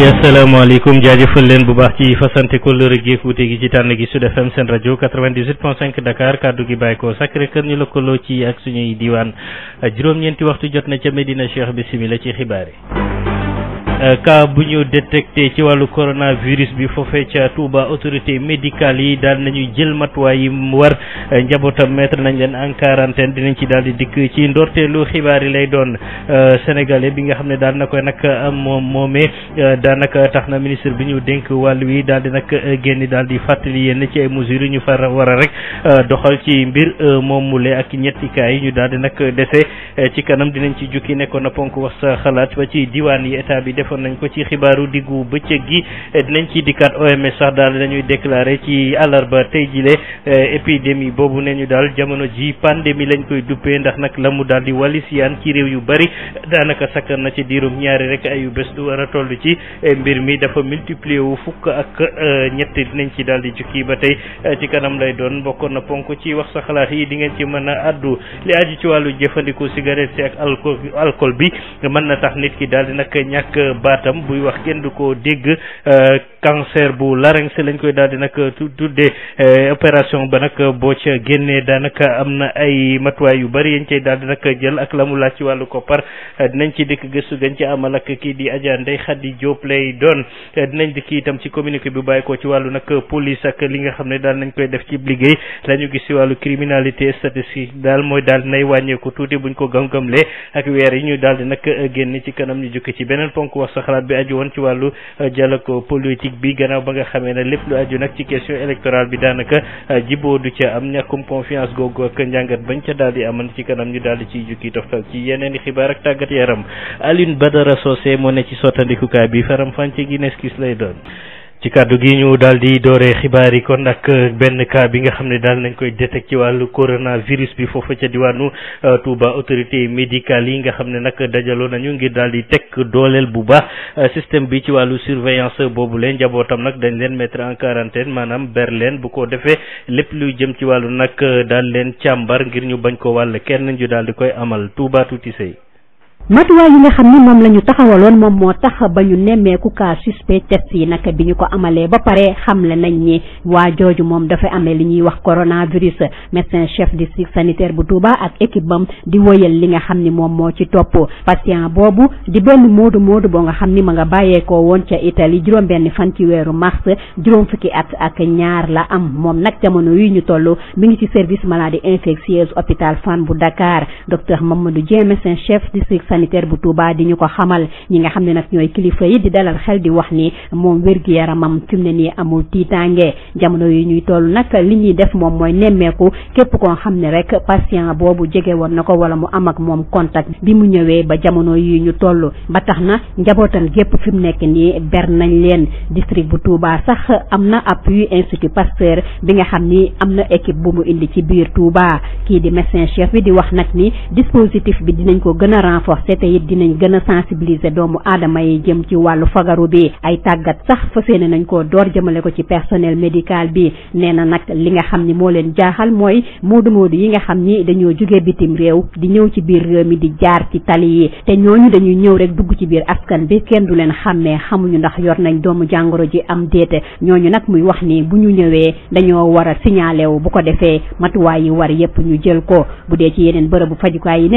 mbokk yi asalaamaaleykum jaajëfal leen bu baax ci fasante kóllëre gi ak wuute gi ci tànn gi Sud FM seen rajo 98.5 Dakar kàddu gi bàyyi ko Sacré-Cœur ñu lëkkaloo ci ak suñuy diwaan juróom-ñeenti waxtu jot na ca Medina Cheikh bisimilah ci xibaar yi. Euh, cas bu ñu détecté ci wàllu coronavirus bi foofee ca Touba autorité médicale yi daal nañuy jël matuwaay yi mu war euh, njabootam mettre nañ leen en quarantaine dinañ ci daal di dikk ci ndorteelu xibaar yi lay doon euh, sénégalais bi nga xam ne daal na koy nag moom moomee daanaka tax na ministre bi ñu denk wàll wi daal di nag génn daal di fàttali yenn ci ay mesures ñu fa war rek doxal ci mbir moomule ak ñetti kaay yi ñu daal di nag dese ci kanam dinañ ci jukki nekkoon defoon nañ ko ci xibaaru diggu bëccëg gi dinañ ci dikkaat OMS sax daal dañuy déclaré ci àllarba tey jile eh, épidémie boobu ne ñu daal jamono ji pandémie lañ koy duppee ndax nag la mu daal di walis yaan ci réew yu bari daanaka sakkan na ci diirum ñaari rek yu bés du war a toll ci eh, mbir mi dafa multiplier wu fukk ak eh, ñett dinañ ci daal di jukki ba tey ci kanam lay doon bokkoon na ponk ci wax sa xalaat yi di ngeen ci mën a addu li aju ci wàllu jëfandiku cigarette si bi maanaam baatam buy wax kenn du ko dégg euh, cancer bu larynx lañ koy daal di nag tuddee euh, opération ba nag boo ca génnee daanaka am na ay matuwaay yu bari yañ cay daal di nag jël ak la mu laaj ci wàllu koppar dinañ ci dikk gëstu gañ ci amal ak kii di Adja Ndeye Khady Diop lay doon dinañ dikk itam ci communiqué bi bàyyi ko ci wàllu nag police ak li nga xam ne daal nañ koy def ci liggéey la ñu gis ci wàllu criminalité statistique daal mooy daal nay wàññeeku tuuti buñ ko gam ak weer yi ñu daal di nag génn ci kanam ñu jukki ci beneen ponk wax sa xalaat bi aju woon ci wàllu euh, dialogue politique bi gannaaw ba nga xamee na lépp lu aju nag ci question électorale bi daanaka euh, jiboo du ca am ñàkkum confiance googu ak njàngat bañ ca daal di aman ci kanam ñu daal di ciy jukki toftal ci yeneen i xibaar ak tàggat yaram Alioune Badara Socé moo ne ci sottandikukaay bi faram-fànce gi neskis lay doon ci kàddu gi ñu daal di dooree xibaar yi kon ak benn cas bi nga xam ne daal nañ koy détecté ci wàllu coronavirus bi foofu ca diwaanu euh, Touba autorité médicale yi nga xam ne nag dajaloo nañu ngir daal di teg dooleel bu baax euh, système bi ci wàllu surveillance boobu leen njabootam nag dañ leen mettre en quarantaine maanaam ber leen bu ko defee lépp luy jëm ci wàllu nag euh, daal leen càmbar ngir ñu bañ ko wàll kenn ñu daal di koy amal Touba tuuti sëy matuwaay yi nga xam ni moom la ñu taxawaloon moom moo tax ba ñu nemmeeku cas suspect test yi nag bi ñu ko amalee ba pare xam xamle nañ ni waa jooju moom dafa amee li ñuy wax coronavirus médecin chef district sanitaire bu Touba ak équipement bam di woyal li nga xam ni moom moo ci topp patient boobu di benn moodu moodu boo nga xam ni ma nga bàyyeekoo woon ca Italie juróom benn fan ci weeru mars juróom fukki at ak ñaar la am moom nag jamono yi ñu toll mu ngi ci service maladie infectieuse hôpital Fann bu Dakar docteur Mamadou Dieng médecin chef district sanitaire bu Touba di ñu ko xamal ñi nga xam ne nag ñooy kilifa yi di dalal xel di wax ni moom wér-gu-yaramam fi mu ne nii amul tiitaange jamono yi ñuy toll nag li ñuy def moom mooy nemmeeku képp koo xam ne rek patient boobu jege woon na ko wala mu am ak moom contact bi mu ñëwee ba jamono yi ñu toll ba tax na njabootam gépp fi mu nekk nii ber nañ leen district bu Touba sax am na appui institut Pasteur bi nga xam ni am na équipe bu mu indi ci biir Touba kii di médecin chef di wax nag ni dispositif bi ko gën a renforcer te te it dinañ gën a sensibiliser doomu aadama yi jëm ci wàllu fagaru bi ay tàggat sax fas yéene nañ koo door jëmale ko ci personnel médical bi nee na nag li nga xam ni moo leen jaaxal mooy moo moodu yi nga xam ni dañoo jóge bitim réew di ñëw ci biir réew mi di jaar ci tali yi te ñooñu dañuy ñëw rek dugg ci biir askan bi kenn du leen xàmmee xamuñu ndax yor nañ doomu jàngoro ji am déete ñooñu nag muy wax ni bu ñu ñëwee dañoo war a signalé bu ko defee matuwaay yi war yépp ñu jël ko bu dee yeneen bërëbu fajukaay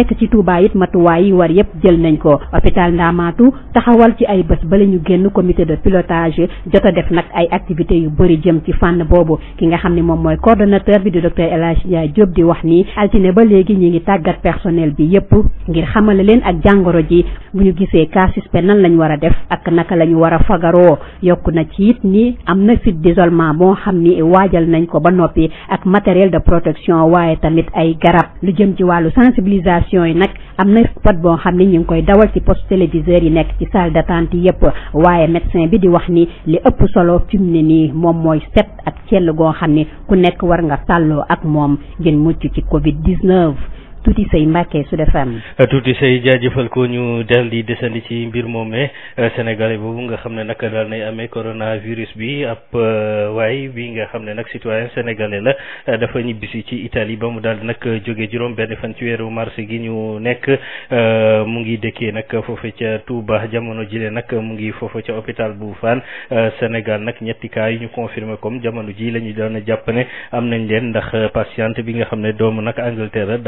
yëpp jël nañ ko hôpital Ndamaatu taxawal ci ay bés bala ñu génn comité de pilotage jot a def nag ay activités yu bëri jëm ci fànn boobu ki nga xam ni moom mooy coordonnateur bi di docteur El Hadj Ndiaye Diop di wax nii altine ba léegi ñi ngi tàggat personnel bi yëpp ngir xamale leen ak jàngoro ji bu ñu gisee cas suspect nan lañ war a def ak naka la ñu war a fagaroo yokku na ci it ni am na fit d'isolement moo xam ni waajal nañ ko ba noppi ak matériel de protection waaye tamit ay garab lu jëm ci wàllu sensibilisation yi nag am na spot xam ni ñu ngi koy dawal ci poste téléviseurs yi nekk ci salle d'attente yëpp waaye médecin bi di wax ni li ëpp solo fi mu ne nii moom mooy set ak sell goo xam ni ku nekk war nga sàlloo ak moom ngeen mucc ci Covid 19. tuuti say Mbacke su defam euh, tuuti say jaajëfal ko ñu dal di desandi ci mbir moomee euh, sénégalais boobu nga xam ne nag daal nay amee coronavirus bi ab euh, waay bi nga xam ne nag citoyen sénégalais la dafa ñibbisi ci Italie ba mu daal di nag jóge juróom benn fan ci weeru mars gi ñu nekk mu ngi dëkkee nag foofu ca Touba jamono ji jile nag mu ngi foofu ca hôpital bu Fann Sénégal nag ñetti cas yi ñu confirmé comme jamono ji la ñu doon jàpp am nañ leen ndax patiente bi nga xam ne doomu nag Angleterre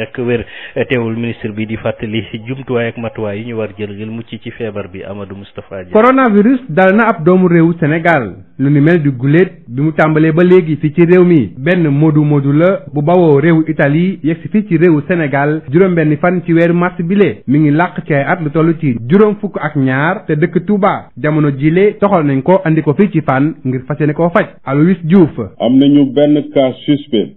rek wér teewul ministre bi di fàttali jumtuwaay ak matuwaay yi ñu war jël ngir mucc ci feebar bi Amadou Moustapha Dia. coronavirus dal na ab doomu réewu Sénégal lu ni mel di guléet bi mu tàmbalee ba léegi fii ci réew mi benn modu modu la bu bawoo réew Italie yegg si fii ci réewu senegal juróom benni fan ci weeru mars bile mi ngi làq ci ay at lu toll ci juróom fukk ak ñaar te dëkk Touba jamono jile toxal nañ ko andi ko fii ci fan ngir fas yéene koo faj Aloyse Diouf. am nañu benn cas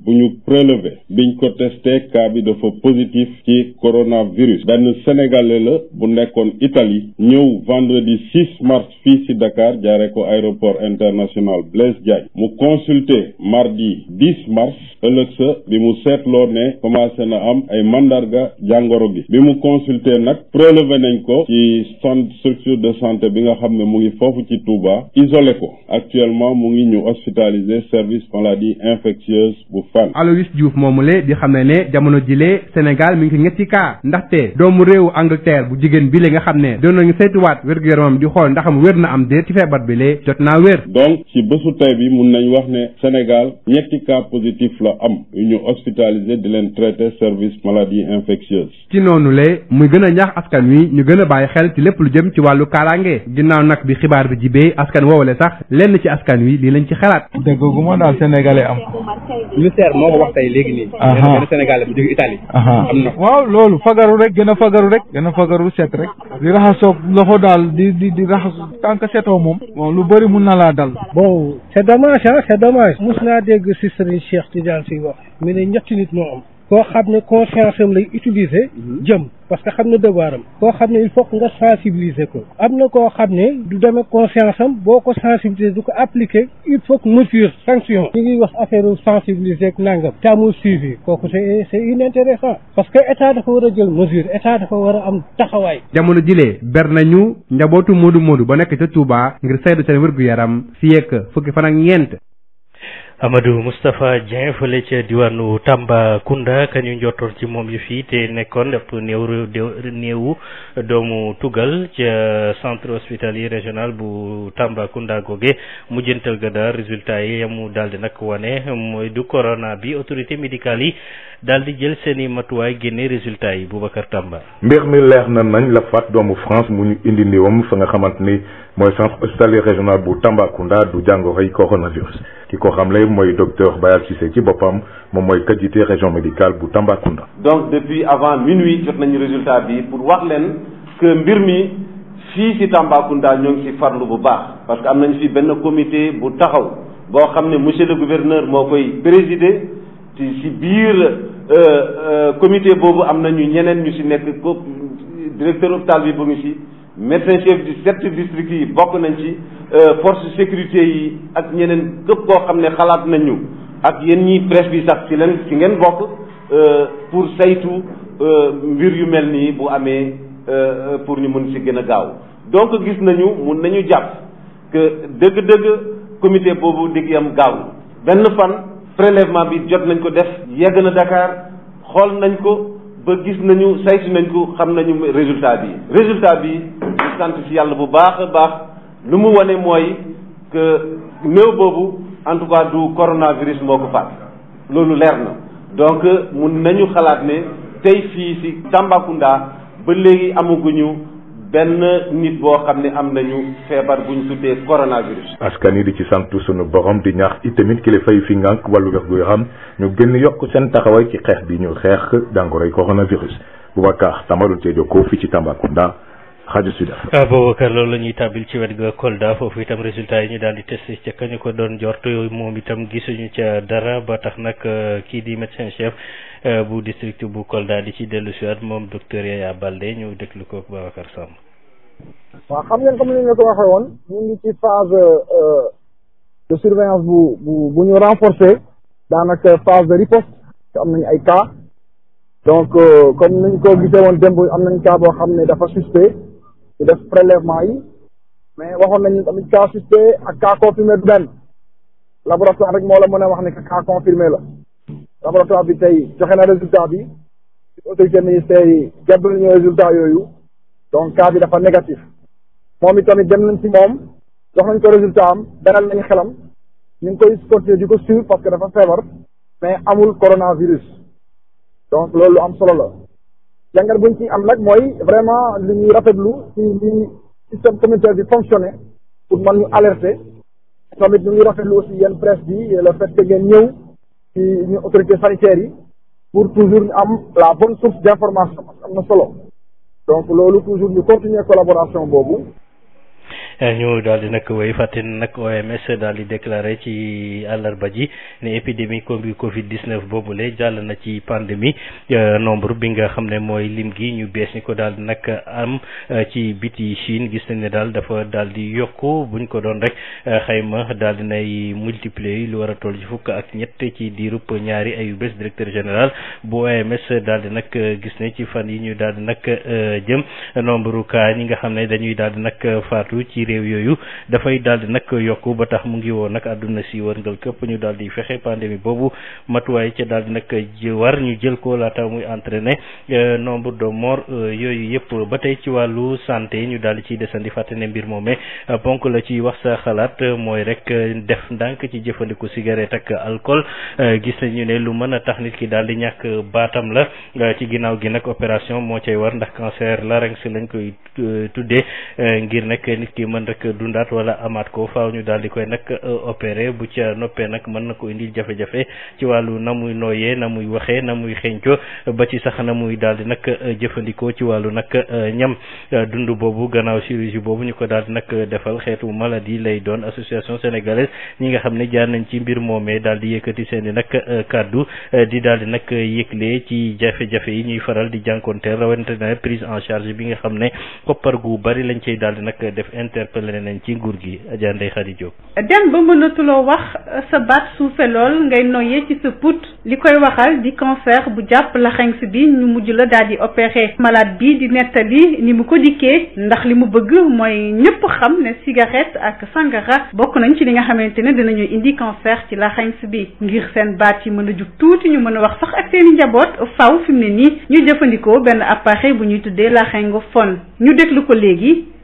bu ñu prélevé biñ ko testé cas bi dafa positif ci coronavirus benn sénégalais la bu nekkoon Italie ñëw vendredi 6 mars fii ci Dakar jaare ko aéroport international Blaise Diagne mu consulter mardi 10 mars ëlëg sa bi mu seetloo ne commencé na am ay mandarga jàngoro gi bi mu consulter nag prélevé nañ ko ci centre structure de santé bi nga xam ne mu ngi foofu ci Touba isolé ko actuellement mu ngi ñu hospitalisé service maladie infectieuse bu Fann Aloïs Diouf moomule di xam ne jamono jile loolee Sénégal mi ngi ci ñetti cas ndaxte doomu réewu Angleterre bu jigéen bi le nga xam ne doon nañu saytuwaat wér-gu-yaramam di xool ndaxam wér na am déet ci feebar bi lee jot naa wér. donc ci bésu tey bi mun nañ wax ne Sénégal ñetti cas positif la am yu ñu hospitalisé di leen traité service maladie infectieuse. ci noonu lee muy gën a ñaax askan wi ñu gën a bàyyi xel ci lépp lu jëm ci wàllu kaaraange ginnaaw nag bi xibaar bi jibee askan woowale sax lenn ci askan wi lii lañ ci xalaat. dëgg gu ma daal sénégalais yi. waaw loolu fagaru rek gën a fagaru rek gën a fagaru set rek. di raxasoo loxo daal di di di raxas tànk setoo moom. lu bëri mun na laa dal. bon c'est dommage ah c'est dommage. mos naa dégg si Serigne Cheikh Tidiane si wax. mu ne ñetti nit moo am. koo xam ne conscience am utiliser mhm. jëm parce que xam na devoir koo xam ne il faut nga sensibiliser ko am na koo xam ne du demee conscience am boo ko sensibiliser du ko appliquer il faut que mesure sanction ñu ngi wax affaire sensibiliser ak nangam te amul suivi kooku c'est c'est inintéressant parce que état dafa war a jël mesure état dafa war a am taxawaay jamono jilee ber nañu njabootu Modou Modou ba nekk ca Touba ngir saytu seen wér-gu-yaram fi yekk fan ak ñeent Amadou Moustapha Dieng fële ca diwaanu Tambacounda ka ñu njottoon ci moom yu fii te nekkoon ab néew néewu doomu tugal ca centre hospitalier régional bu Tambacounda goge mujjantal ga daal résultat yi yamu daal di nag wane mooy du corona bi autorité médicale yi daal di jël seen matuwaay génne résultat yi Boubacar Tamba. mbir mi leer na nañ la faat doomu France mu ñu indi néewam fa nga xamante ni mooy centre hospitalier régional bu Tambacounda du jàngoroy coronavirus mooy docteur Bayal Cissé ci boppam moom mooy kat jiite région médicale bu Tambacounda. donc depuis avant minuit jot nañu résultat bi pour wax leen que mbir mi fii ci Tambacounda ñoo ngi ci farlu bu baax parce que am nañu fi benn comité bu taxaw boo xam ne monsieur le gouverneur moo koy présider ci ci biir euh, euh, comité boobu am nañu ñeneen ñu ci nekk directeur hôpital bi bu ngi ci. médecin chef du sept district yi bokk nañ ci euh, force sécurité yi ak ñeneen këpp koo xam ne xalaat nañ ak yéen ñi presse bi sax ci leen ci ngeen bokk euh, pour saytu euh, mbir yu mel nii bu amee pour ñu mën si gën a gaaw donc gis nañu mun nañu jàpp que dëgg-dëgg comité boobu digg yam gaaw benn fan prélèvement bi jot nañ ko def yegg na Dakar xool nañ ko ba gis nañu saytu nañ ko xam nañu résultat bi résultat bi ñu sant ci yàlla bu baax a baax lu mu wane mooy que néew boobu en tout cas du coronavirus moo ko faat loolu leer na donc mun nañu xalaat ne tey fii ci Tambacounda ba léegi amaguñu benn nit boo xam ne am nañu feebar bu ñu tuddee coronavirus. askan yi di ci sant sunu borom di ñaax itamit kilifa yi fi ngànk wàllu wér gu yaram ñu gën yokk seen taxawaay ci xeex bi ñu xeex jàngoroy coronavirus Boubacar Tamba doon cee jokkoo fii ci Tambacounda. xaaju sud afrique la ñuy tàbbil ci wet ga Kolda foofu itam yi ñu daal di testé ca kañu ko doon jort moom itam gisuñu ca dara ba tax nag euh, kii di médecin chef euh, bu district di ci dellu siwaat moom docteur Yaya Baldé ñu déglu ko Babacar waaw xam ngeen comme ni ñu ko waxee woon ngi ci phase euh, de surveillance bu bu bu ñu renforcé daanaka phase de riposte comme ni ko gisee woon am nañ cas xam ne dafa suspect ñu def prélèvement yi mais waxoon nañu tamit cas suspect ak cas confirmé du benn laboratoire rek moo la mën a wax ne que cas confirmé la laboratoire bi tey joxe na résultat bi autorité ministère yi jot nañu résultat yooyu donc cas bi dafa négatif moom it tamit dem nañ ci moom jox nañ ko résultat am benal nañ xelam ñu ngi koy continuer di ko suivre parce que dafa feebar mais amul coronavirus donc loolu lu am solo la jàngat buñ ci am nag mooy vraiment li ñuy rafetlu ci li système communautaire bi fonctionné pour mën ñu alerter tamit ñu ngi rafetlu aussi yenn presse bi le fait que ngeen ñëw ci ñu autorités sanitaires yi pour toujours ñu am la bonne source d'information am na solo donc loolu toujours ñu continuer collaboration boobu Eh, ñu daal di nag wéy fàtte nag OMS daal di déclaré ci àllarba ji ne épidémie combi Covid 19 boobule jàll na ci pandémie eh, nombre bi nga xam ne mooy lim gi ñu bees ñi ko daal di nag am eh, ci biti Chine gis nañ ne daal dafa daal di yokku buñ ko doon rek xayma daal di nay multiplier lu war a toll ci fukk ak ñett ci diirub ñaari ayu bés directeur général bu OMS daldi di nag gis ne ci fan yi ñu daldi di nag jëm nombre cas ñi nga xam ne dañuy daal di nag faatu ci. ci réew yooyu dafay daal di nag yokku ba tax mu ngi woo nag àdduna si wërngal këpp ñu daal di fexe pandémie boobu matuwaay ca daal di nag war ñu jël ko laata muy entraîner euh, nombre de morts euh, yooyu yëpp ba tey ci wàllu santé ñu daal di ciy desandi fàttane ne mbir moomee euh, ponk la ci wax sa xalaat mooy rek def ndànk ci jëfandiku cigarette ak alcool gis nañu ne lu mën a tax nit ki daal di ñàkk baatam la ci ginnaaw gi nag opération moo cay war ndax cancer larynx lañ koy tuddee mën rek dundaat wala amaat ko faaw ñu daal koy nag euh, opéré bu ca noppee nag mën na ko indil jafe-jafe ci wàllu na muy nooyee na muy waxee na muy xeeñco ba ci sax na muy daal di nag euh, jëfandikoo ci wàllu nag euh, ñam dund boobu gannaaw chirurgie boobu ñu ko daal di nag defal xeetu maladie lay doon association sénégalaise ñi nga xam ne jaar nañ ci mbir moomee daal di yëkkati seen i nag kàddu di daldi di nag yëgle ci jafe-jafe yi ñuy faral di jànkonteel rawante bi nga interpellé nañ ci nguur gi Adja Ndeye Khady Diop. dem ba mënatuloo wax sa baat suufe lool ngay noyyee ci sa put li koy waxal di cancer bu jàpp larynx bi ñu mujj la daal di opéré malade bi di nettali ni mu ko dikkee ndax li mu bëgg mooy ñëpp xam ne cigarette ak sangara bokk nañ ci li nga xamante ne dinañu indi cancer ci larynx bi ngir seen baat yi mën a jug tuuti ñu mën a wax sax ak seen njaboot faw fi mu ne nii ñu jëfandikoo benn appareil bu ñuy tuddee laryngophone ñu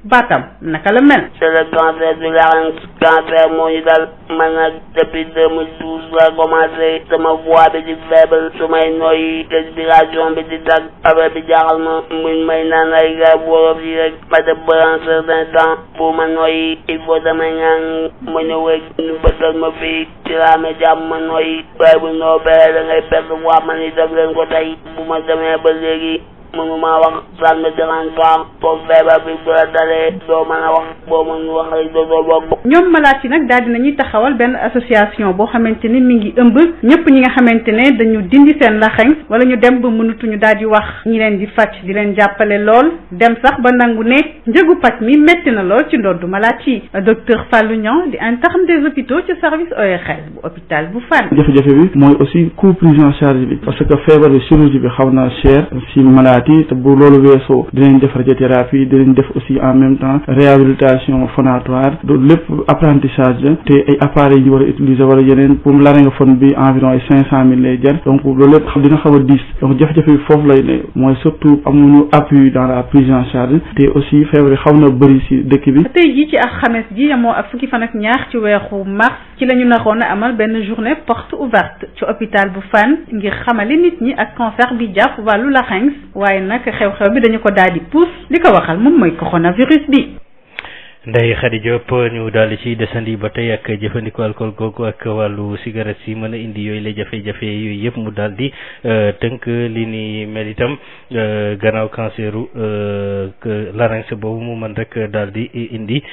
baatam naka la mel. c'est le cancer bi nga xam cancer moo ñu dal man nag depuis deux mille douze la commencé sama voix bi di faible su may noyyi respiration bi di tag affaire bi jaaxal ma muñ may naan ay garab wolof yi rek ma def ba un certain temps pour ma noyyi il faut damay ñaan ma ñëw rek ñu bëggal ma fii ci laa amee jàmm ma noyyi waaye bu noo bëree da ngay perte voix man ni def leen ko tey bu ma demee ba léegi. mënuma wax sànn dinañ ko comme feebar a wax boo mënul wax rek doo doo bokk. ñoom malaat yi nag daal di ñuy taxawal benn association boo xamante ni mi ngi ëmb ñëpp ñi nga xamante ne dañu dindi seen laxañ wala ñu dem ba mënatuñu daal di wax ñi leen di faj di leen jàppale lool dem sax ba nangu ne njëgu paj mi métti na lool ci ndoddu malaat yi docteur Fallou Niang di interne des hôpitaux ci service ORL bu hôpital bu Fann. jafe-jafe bi mooy aussi coût prise charge bi parce que feebar bi chirurgie bi xaw na cher malade yi te bu loolu weesoo dinañ def radiothérapie dinañ def aussi en même temps réhabilitation phonatoire loolu lépp apprentissage te ay appareils yi war a utiliser wala yeneen pour laryngophone bi environ ay cinq cent mille lay jar donc loolu lépp dina xaw a diis donc jafe-jafe bi foofu lay ne mooy surtout amuñu appui dans la prise charge te aussi feebar yi na bëri si dëkk bi. tey jii ci alxames ji moo ak fukki fan ak ñaar ci weeru mars. ci la ñu naroon a amal benn journée porte ouverte ci hôpital bu Fann ngir xamali nit ñi ak cancer bi jàpp wàllu larynx waaye nag xew-xew bi dañu ko daal di puus li ko waxal moom mooy coronavirus bi. Ndeye Khady Diop ñu daal di ci desandi ba tey ak jëfandikoo alcool googu ak wàllu cigarette yi mën a indi yooyu la jafe-jafe yooyu yëpp mu daal di euh, tënk li ni mel itam euh, gannaaw canceru euh, larynx boobu mu mën rek daal di indi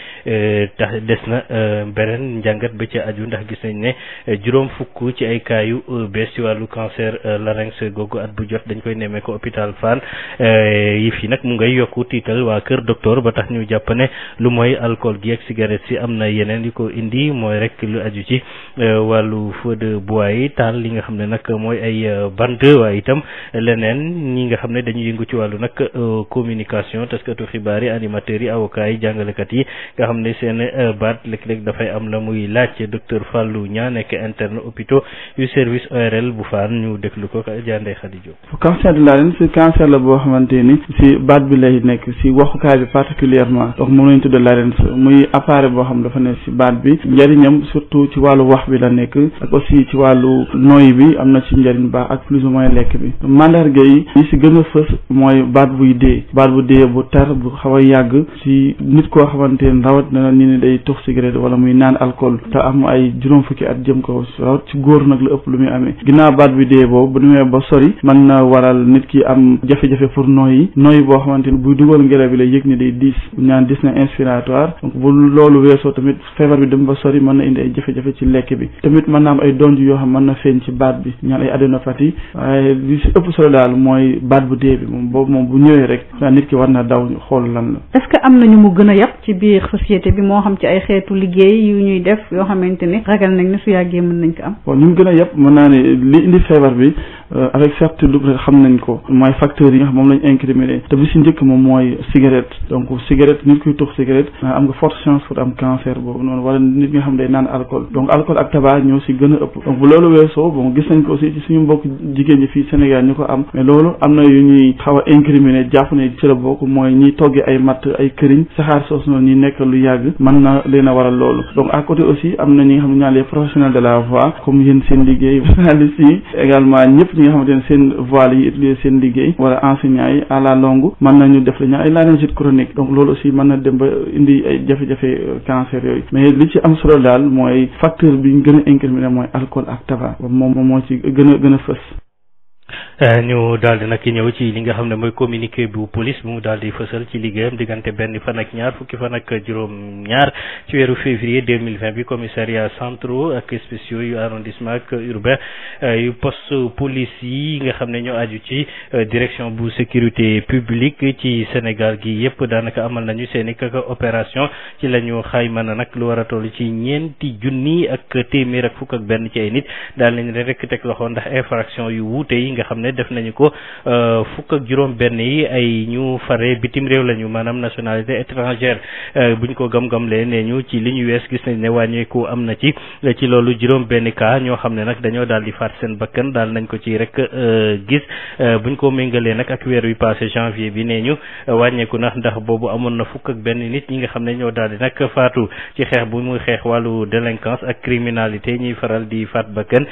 tax des na beneen njàngat ba ci aju ndax gis nañ ne juróom fukk ci ay kaayu bees ci wàllu cancer larynx googu at bu jot dañ koy nemmee ko hôpital Fann yi fi nag mu ngay yokku tiital waa kër docteur ba tax ñu jàpp lu mooy alcool gi ak cigarette si am na yeneen yu ko indi mooy rek lu aju ci Euh, wàllu feu de bois yi taal li nga xam ne nag mooy ay euh, bant waaye itam leneen ñi nga xam ne dañuy yëngu ci wàllu nag euh, communication taskatu xibaar yi animateurs yi avocats yi jàngalekat yi nga xam ne seen baat léeg-léeg dafay am la muy laaj docteur Fallou Niang nekk interne hôpitaux yu service ORL bu Fann ñu déglu ko Jandey Khady Diop. cancer de la laine si cancer la boo xamante ni si baat bi lay nekk si waxukaay bi particulièrement donc moom la ñu tuddee si baat ndox bi la nekk ak aussi ci wàllu nooy bi am na ci njëriñ baax ak plus ou moins lekk bi mandarga yi si gën a fës mooy baat buy dee baat bu dee bu tar bu xaw a yàgg ci nit koo xamante ne rawat na ni ne day tux cigarette wala muy naan alcool te am ay juróom fukki at jëm ko rawat ci góor nag lu ëpp lu muy amee ginnaaw baat bi dee boobu bu ba sori mën na waral nit ki am jafe-jafe pour nooyi nooyi boo xamante ni buy dugal ngelaw bi la yëg ni day diis ñaan diis na bu loolu weesoo bi dem ba sori mën na bi tamit mën naa am ay donj yoo xam mën na feeñ ci baat bi ñaan ay adénopathie waaye li si ëpp solo daal mooy baat bu dee bi moom boobu moom bu ñëwee rek daa nit ki war na daw xool lan la est-ce que am nañu mu gën a yàpp ci biir société bi moo xam ci ay xeetu liggéey yu ñuy def yoo xamante ne ragal nañ ne su yàggee mën nañ ko am bon naa ne li indi feebar bi euh, avec xam nañ ko mooy facteurs yi moom lañ incriminé te bi si njëkk moom mooy cigarette donc cigarette nit kuy tux cigarette am nga forte chance pour am xam day naan alcool ab tabac si gën a ëpp bu loolu weesoo bon gis nañ ko aussi suñu mbokk jigéen ñi fii Sénégal ñu ko am mais loolu am na yu ñuy xaw a incriminé jàpp ci la bokk mooy ñiy toggi ay matt ay këriñ saxaar soos noonu ñi nekk lu yàgg mën na leen a waral loolu donc à côté aussi am na ñi nga xam ne ñaan les professionnels de la voix comme ne seen voix yi utiliser seen liggéey wala enseignants yi à la longue mën nañu def la ñaa ay laryngite chronique donc loolu aussi mën na dem ba indi ay jafe-jafe euh, cancer yooyu mais li liñ gën a incriminé mooy alcool ak tabac moom moo ci gën a gën a fës Eh, ñu daal di nag ñëw ci li nga xam ne mooy communiqué bu police bu mu daal di fësal ci liggéeyam diggante benn fan ak ñaar fukki fan ak juróom-ñaar ci weeru février 2020 bi commissariat centraux ak spéciaux yu arrondissement ak urbain eh, yu poste police yi nga xam ne ñoo aju ci eh, direction bu sécurité publique ci Sénégal gi yëpp daanaka amal nañu seen i kaka opération ci la ñu xayma na nag lu war a toll ci ñeenti junni ak téeméer ak fukk ak benn ci ay nit daal nañ ne def nañu ko euh, fukk ak juróom-benn yi ay ñu fare bitim réew lañu maanaam nationalité étrangère euh, buñ ko gam-gamlee nee ñu ci li ñu wees gis nañ ne wàññeeku am na ci euh, ci loolu juróom-benn cas ñoo xam ne nag dañoo daal di faat seen bakkan daal nañ ko ci rek gis buñ ko méngalee nag ak weer wi passé janvier bi nee ñu wàññeeku na ndax boobu amoon na fukk ak benn nit ñi nga xam ne ñoo daal di nag faatu ci xeex bu muy xeex wàllu délinquance ak criminalité ñuy faral di faat bakkan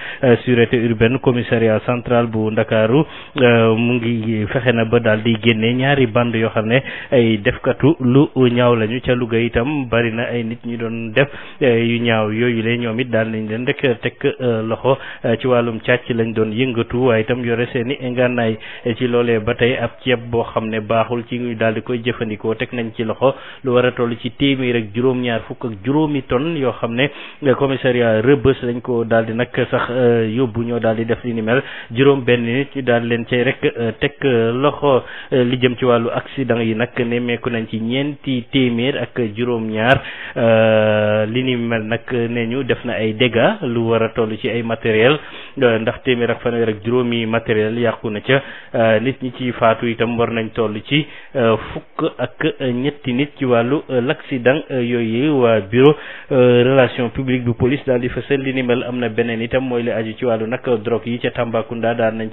Ndakaaru euh, mu ngi fexe na ba daal di génne ñaari band yoo xam ne ay defkatu lu ñaaw lañu ca luga itam bari na ay nit ñu doon def euh, yu ñaaw yooyu la ñoom it daal nañ leen rek teg euh, loxo ci wàllum càcc lañ doon yëngatu waaye itam yore seeni ngànnaay ci loolee ba tey ab ceeb boo xam ne baaxul ci ñu daal di koy jëfandikoo teg nañ ci loxo lu war a toll ci téeméer rek juróom-ñaar fukk ak juróomi tonnes yoo xam ne commissariat Rebeuss lañ ko dal di nag sax yóbbu ñoo dal di def ci daal leen cay rek euh, teg euh, loxo euh, li jëm ci wàllu accident yi nag nemmeeku nañ ci ñeenti téeméer ak juróom-ñaar li ni mel nag nee ñu def na ay dégâts lu war a toll ci ay matériel ndax téeméer ak fanweer ak juróomi matériel yàqu na ca nit ñi ci faatu itam war nañ toll ci fukk ak ñetti nit ci wàllu l'accident yooyu waa bureau relation publique bu police daal di fësal li ni am na beneen itam mooy li aju ci wàllu nag drogue yi ca Tambacounda daal nañ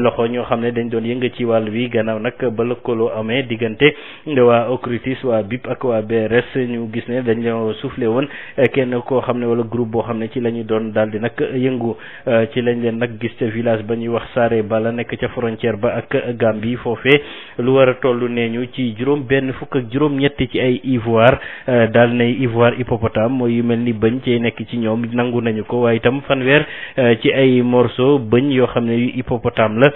loxo ñoo xam ne dañ doon yënga ci wàll wi gannaaw nag ba lëkkaloo amee diggante waa OCRTIS waa BIP ak waa BRS ñu gis ne dañ leen soufflé woon kenn koo xam ne wala groupe boo xam ne ci la ñu doon daal di nag yëngu ci lañ leen nag gis ca village ba ñuy wax Saare Bala nekk ca frontière ba ak Gambie foofee lu war a toll nee ñu ci juróom benn fukk ak juróom ñett ci ay ivoire daal nay ivoire hippopotame mooy yu mel ni bëñ cee nekk ci ñoom nangu nañu ko waaye itam hipopotames la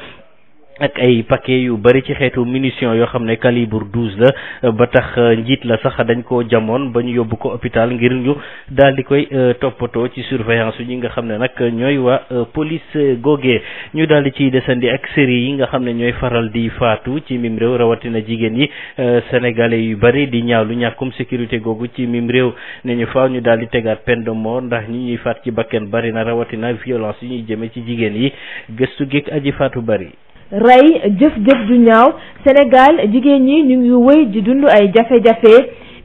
ak ay pakke yu bari ci xeetu munition yoo xam ne calibre douze la ba tax euh, njiit la sax dañ ko jamoon ba ñu yóbbu ko hôpital ngir ñu daal di koy euh, toppatoo ci surveillance yu ñi nga xam ne nag ñooy waa euh, police googee ñu daal di ciy desandi ak série yi nga xam ne ñooy faral di faatu ci mim réew rawatina jigéen yi sénégalais yu bari di ñaawlu ñàkkum sécurité googu ci mim réew ne ñu faaw ñu daal di tegaat peine de mort ndax ñi ñuy faat ci bakken bari na rawatina violence yi ñuy jëme ci jigéen yi gëstu geek aji faatu bari rey jëf-jëf ju ñaaw Sénégal jigéen ñi ñu ngi wëy di dund ay jafe-jafe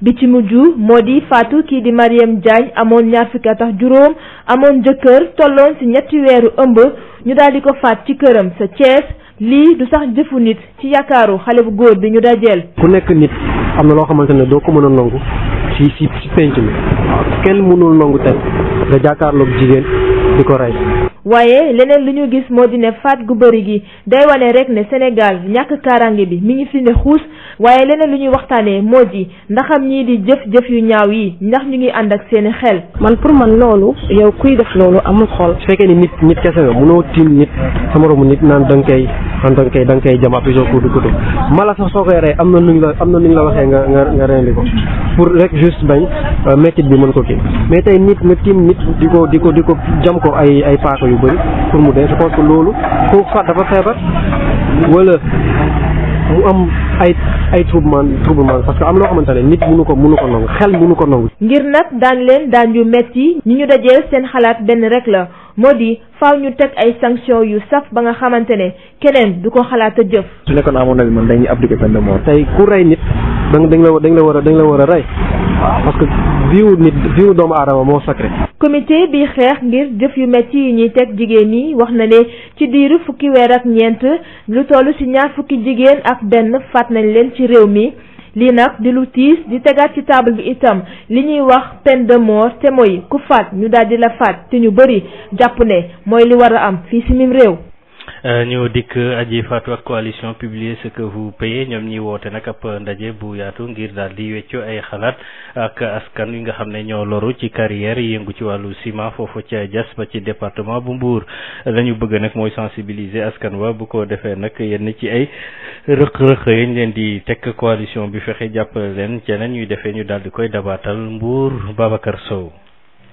bi ci mujj moo di faatu kii di Mariam Diagne amoon ñaar fukki at ak juróom amoon jëkkër tolloon ci ñetti weeru ëmb ñu daal di ko faat ci këram sa Thiès lii du sax jëfu nit ci yaakaaru xale bu góor bi ñu dajeel. ku nekk nit am na loo xamante ne doo ko mën a nangu ci ci penc mi. kenn mënul nangu tey nga jàkkaarloog jigéen di ko rey. waaye leneen lu ñu gis moo di ne faat gu bëri gi day wane rek ne Sénégal ñàkk kaaraange bi mi ngi fi ne xuus waaye leneen lu ñuy waxtaanee moo di ndaxam ñii di jëf-jëf yu ñaaw yi ndax ñu ngi ànd ak seeni xel. man pour man loolu yow kuy def loolu amul xol. su fekkee ni nit nit kese nga mënoo tiim nit sa moromu nit naan da nga koy naan da koy da nga koy jamaat mala sax soo koy am na nuñ la am na ñu la waxee nga nga nga rendi ko pour rek juste bañ euh, métit bi mën ko kii mais tey nit nga tiim nit di ko di ko di ko jam ko ay ay paaka yu bëri pour mu dee ko pense que loolu ko soit dafa feebar wala mu am ay ay troublement troublement parce que am loo xamante ne nit mënu ko mënu ko nangu xel mënu ko nangu. ngir nag daan leen daan yu metti ñi ñu dajee seen xalaat benn rek la moo di faaw ñu teg ay sanction yu saf ba nga xamante ne keneen du ko xalaat a jëf. su nekkoon amoon na bi man dañuy appliquer peine de mort. tey ku rey nit dañ dañ la war dañ la war a rey parce que. viwu nit viwu doomu aadama bi xeex ngir jëf yu metti yi ñuy teg jigéen ñi wax na ne ci diiru fukki weer ak ñeent lu toll ci ñaar fukki jigéen ak benn faat nañ leen ci réew mi lii nag di lu tiis di tegaat ci taabal bi itam li ñuy wax peine de mort te mooy ku faat ñu daal di la faat te ñu bëri jàpp ne mooy li war a am fii ci mim réew Euh, ñu dikk aji Fatou ak coalition publier ce que vous ñoom ñi woote nag ab ndaje bu yaatu ngir daal di weccu ay xalaat ak askan yi nga xam ne ñoo loru ci carrière yëngu ci wàllu ciment foofu ca Diass ba ci département bu mbuur la ñu bëgg nag mooy sensibiliser askan wa bu ko defee nag yenn ci ay rëq-rëq yañ leen di tekk coalition bi fexe jàppale leen ceneen ñuy defee ñu daal di koy dabaatal mbuur Babacar Sow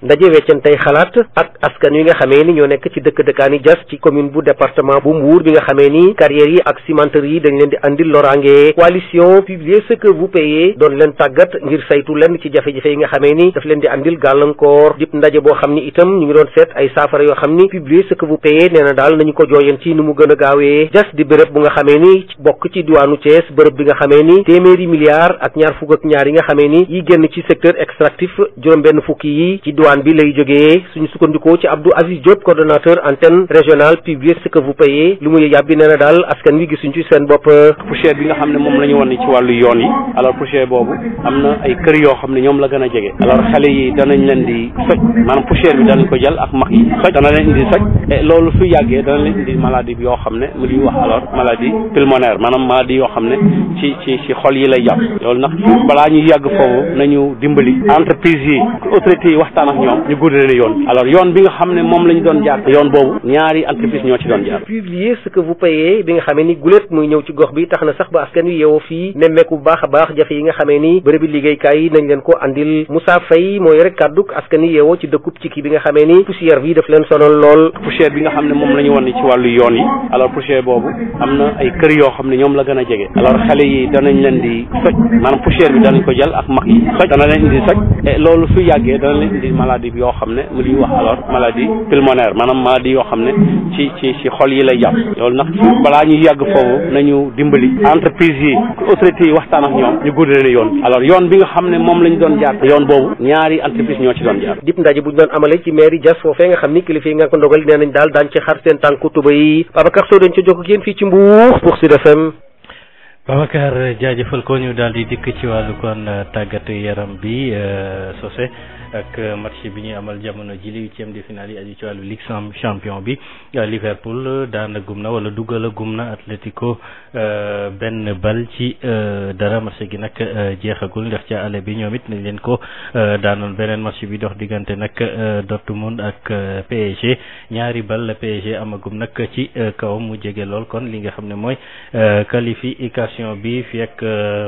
ndaje weccantey xalaat ak askan yi nga xamee ni ñoo nekk ci dëkk dëkkaani jas ci commune bu département bu Mbour bi nga xame ni carrières yi ak cimenterie yi dañ leen di andil loraange coalition publier ce que vous payez doon leen tàggat ngir saytu lenn ci jafe-jafe yi nga xamee ni daf leen di indil gàllankoor dip ndaje boo xam ni itam ñu ngi doon seet ay saafara yoo xam ni publier ce que vous payez nee na daal nañu ko jooyan ci ni mu gën a gaawee jas di béréb bu nga xamee ni bokk ci diwaanu Thiès béréb bi nga xamee ni téeméeri milliards ak ñaar fukk ak ñaar yi nga xamee ni génn ci secteur extractif juróom benn fukki yi diwaan bi lay jógee suñu sukkandikoo ci Abdou Aziz Diop coordonnateur antenne régionale publier ce que vous payez li muy yàbbi nee na daal askan wi gisuñ ci seen bopp. poussière bi nga xam ne moom la ñu wan ci wàllu yoon yi alors poussière boobu am na ay kër yoo xam ne ñoom la gën a jege. alors xale yi danañ leen di soj maanaam poussière bi danañ ko jal ak mag yi soj dana leen di soj loolu su yàggee dana leen di maladie bi yoo xam ne mu di wax alors maladie pulmonaire maanaam maladie yoo xam ne ci ci ci xol yi lay jàpp loolu nag balaa ñuy yàgg foofu nañu dimbali ak ñoom ñu guddale yoon bi alors yoon bi nga xam ne moom la doon jaar yoon boobu ñaari entreprise ñoo ci doon jaar publier ce que vous payez bi bi a nga xamee ni bërëbi liggéeykaay yi nañ leen ko andil Moussa Faye ci dëkkub ci kii bi nga xamee ni poussière bi bi nga xam ne moom la ñu woon ci wàllu yoon yi alors poussière boobu am na ay kër yoo xam ne ñoom la gën a jege alors xale yi danañ leen di soj maanaam poussière bi danañ ko jël ak mag yi soj maladie yoo xam ne li ñuy wax alors maladie pulmonaire maanaam maladie yoo xam ne ci ci xol yi lay jàpp loolu nag balaa ñuy yàgg foofu nañu dimbali entreprise yi autorités yi waxtaan ak ñoom ñu guddale yoon bi alors yoon bi nga xam ne moom lañ doon jaar yoon boobu ñaari entreprise ñoo ci doon jaar dip ndaje bu ñu doon amale ci mairie Diass foofee nga xam ni kilifa nga ko ndogal nee nañ daal daañ ci xar seen tànku ko ñu daal di ak euh, match bi ñuy amal jamono ji li huitième de finale yi aju ci wàllu ligue champion bi euh, Liverpool euh, daana gum na wala duggala gum na Atlético benn bal ci dara match gi nag jeexagul ndax ca ale bi ñoom it nañ leen ko daanoon beneen match bi dox diggante nag Dortmund ak PSG ñaari bal la PSG amagum nag ci kaw mu jege lool kon li nga xam ne mooy qualification bi fi ak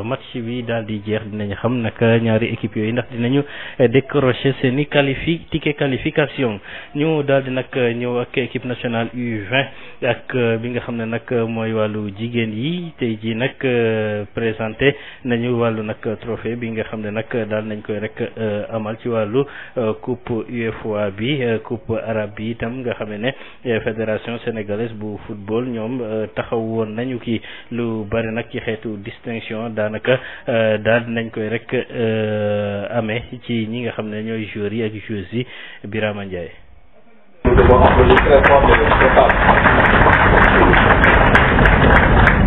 match bi daal di jeex dinañ xam nag ñaari équipe yooyu ndax dinañu décrocher accroché seeni qualifi ticket qualification ñu daal di euh, ñëw ak équipe nationale u ak euh, bi nga xam ne nag euh, mooy wàllu jigéen yi tey jii nag présenté nañu wàllu nag trophée bi nga xam ne nag daal nañ koy rek amal ci wàllu coupe UEFA bi coupe arabe bi itam nga xame ne fédération sénégalaise bu football ñoom taxaw woon nañu ki lu bari nag ci xeetu distinction daanaka daal nañ koy rek amee ci ñi nga xam ne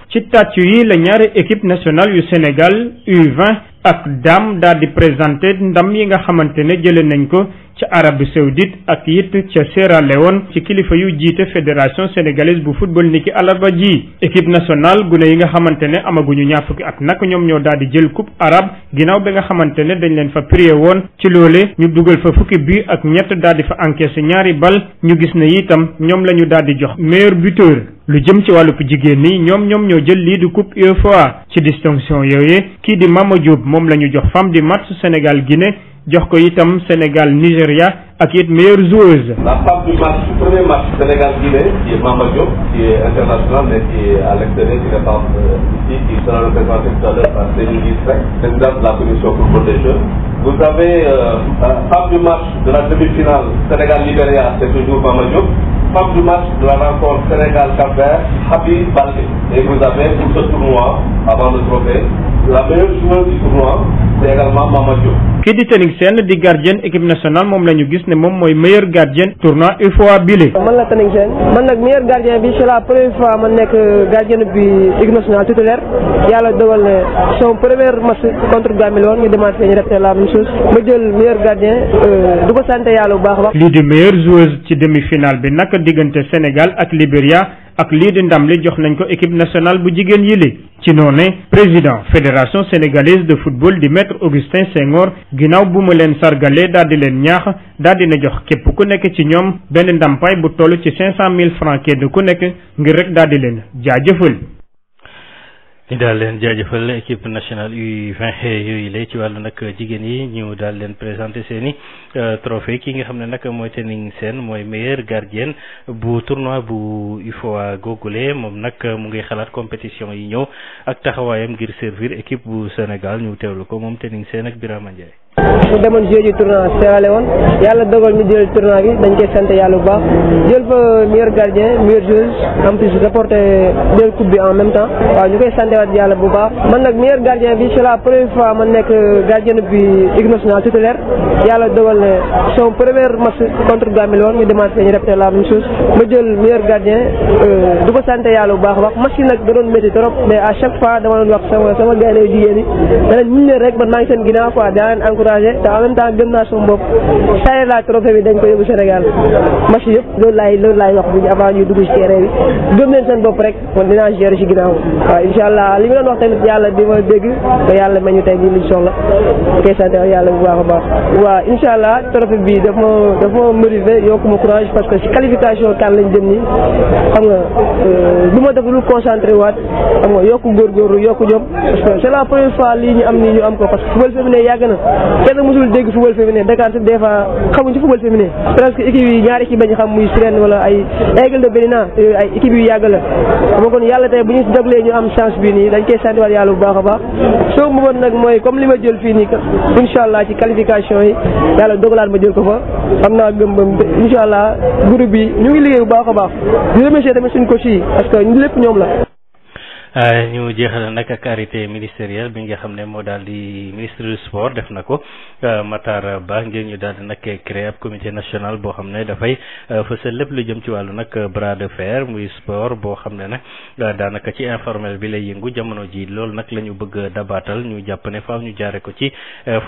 ci tàccu yi la ñaari équipe nationale yu Sénégal u ak dam daal di présenté ndam yi nga xamante ne jëlee nañ ko. ca Arabie Saoudite ak it ca Sierra Leone ci kilifa yu jiite fédération sénégalaise bu football niki alarba ji équipe national gune yi nga xamante ne amaguñu ñaar fukki at nag ñoom ñoo daal di jël coupe arab ginnaaw bi nga xamante ne dañ leen fa prié woon ci loole ñu dugal fa fukki bi ak ñett daal di fa encaissé ñaari bal ñu gis ne itam ñoom la ñu daal di jox meilleur buteur lu jëm ci wàllu jigéen ni ñoom ñoom ñoo jël lii di coupe fois ci distinction yooyu kii di Mama Diop moom la ñu jox femme di match Sénégal Guinée jox ko itam Sénégal Nigéria ak it meilleure joueuse. la femme du match du premier match Sénégal Guinée qui est Mama Diop qui est international mais qui est à l'extérieur qui n'est pas euh, ici qui sera représenté tout à l'heure par Séni Guissec la commission pour protéger. vous avez euh, femme match de la demi-finale Sénégal Libéria c'est toujours Mama Diop. fin du match de la rencontre Sénégal-Cap-Vert, Habib Balde. Et vous avez pour ce tournoi, kii di Tening Sène di gardienne équipe nationale moom la gis ne moom mooy meilleur gardien tournoi UFOA bile. man la Tening Sène man nag meilleur gardien bi c'est la première fois man nekk euh, gardien bi équipe nationale titulaire yàlla dogal ne son premier match contre Gambie la woon ñu demaat la même chose ma jël meilleur gardien euh, du ko sant yàlla bu baax a lii di meilleure joueuse ci demi-finale bi nag. diggante Sénégal ak Libéria ak lii di ndam li jox nañ ko équipe nationale bu jigéen yi li ci noone président fédération sénégalaise de football di maître Augustin Senghor ginnaaw bu mu leen sargalee daal di leen ñaax daal di na jox képp ku nekk ci ñoom benn ndampaay bu toll ci 500 000 francs kenn ku nekk ngir rek daal di leen jaajëfal. ñu daal leen jaajëfal équipe nationale U20 yooyu la ci wàllu nag jigéen yi ñu daal leen présenté seen i euh, trophée ki nga xam ne nag mooy Tening Sène mooy meilleur gardien bu tournoi bu il faut googule moom nag mu ngi xalaat compétition yi ñëw ak taxawaayam ngir servir équipe bu Sénégal ñu teewlu ko moom Tening Sène ak Birama Ndiaye ñu demoon joué ji tournoi Sierra Leone yàlla dogal ñu jël tournoi bi dañ koy sant yàlla bu baax jël fa meilleur gardien meilleur joueur en plus rapporté jël coupe bi en même temps waaw ñu koy santewaat yàlla bu baax man nag meilleur gardien bi c'est la fois man nekk gardien bi équipe nationale titulaire yàlla dogal ne son premier match contre Gambie woon ñu demaat ñu répété la même chose ma jël meilleur gardien euh, du ko sant yàlla bu baax wax match na nag da doon métti trop mais da motivé te en même temps gëm naa sama bopp tare la trophée bi dañ ko yóbbu Sénégal match yëpp loolu laay loolu laay wax bu avant ñuy dugg ci terrain bi gëm leen seen bopp rek man dinaa gérer ci ginnaaw waaw incha allah li ma doon wax tamit di ma dégg te yàlla meñu tey ñu liñ soxla koy sant yàlla bu baax a baax waaw incha allah trophée bi daf ma daf ma motivé yokku ma courage parce que si qualification kan lañ jëm nii xam nga euh, du ma def lu concentré waat xam nga yokku góorgóorlu yokku jom parce que c'est la première fois lii ñu am nii ñu am ko parce que football féminin na kenn mosul dégg football féminin Dakar sax des fois xamuñ ci football féminin presque équipe yi ñaari équipe bañ xam muy Sirène wala ay Aigle de Bénin ay équipe yu yàgg la ama kon yàlla tey bu ñu jaglee ñu am chance bi nii dañ koy santiwaat soo mënoon nag mooy comme li ma l fii nii incha allah ci qualification yi yàlla dogalaat ma jël ko fa am naa gëm-gëm incha allah groupe bi ñu ngi liggéey bu baax a baax di remercier tamit suñ coach yi parce que la Euh, ñu jeexal nag ak arrêté ministériel bi nga xam ne moo daal di ministre du sport def na ko euh, Matar Ba ngir ñu daal di nag créé ab comité national boo xam ne dafay euh, fësal lépp lu jëm ci wàllu nag bras de fer muy sport boo xam ne nag daanaka ci informel bi lay yëngu jamono ji loolu nag la ñu bëgg dabaatal ñu jàpp ne faaw ñu jaare ko ci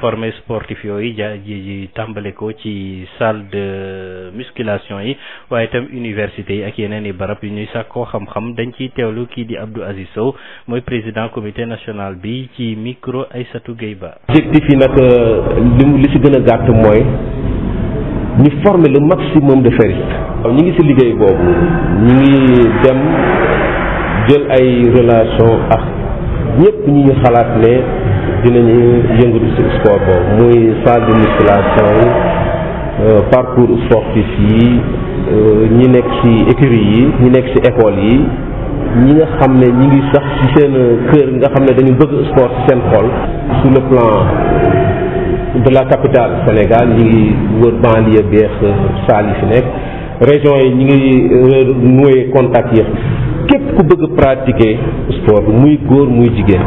former sportif yooyu ja ji tàmbale ko ci salle de musculation yi waaye itam université yi ak yeneen i barab yu ñuy sàkkoo xam-xam dañ ciy teewlu kii di Abdou Aziz Sow mooy président comité national bi ci micro Aïssatou Gueye Ba. objectif yi nag euh, li si gën a gàtt mooy ñu former le maximum de ferristes. waaw ñu ngi si liggéey boobu ñu ngi dem jël ay relation ak ñëpp ñi ñu xalaat ne dinañu yëngatu si sport boobu muy salle de musculation euh, parcours sportif yi euh, ñi nekk ci écurie yi ñu nekk ci école yi. ñi nga xam ne ñi ngi sax ci seen kër nga xam ne dañu bëgg sport ci seen xol sur le plan de la capitale Sénégal ñi ngi wër banlieue beex saal yi fi nekk région yi ñi ngi euh, nouer contact yëpp képp ku bëgg pratiquer sport bi muy góor muy jigéen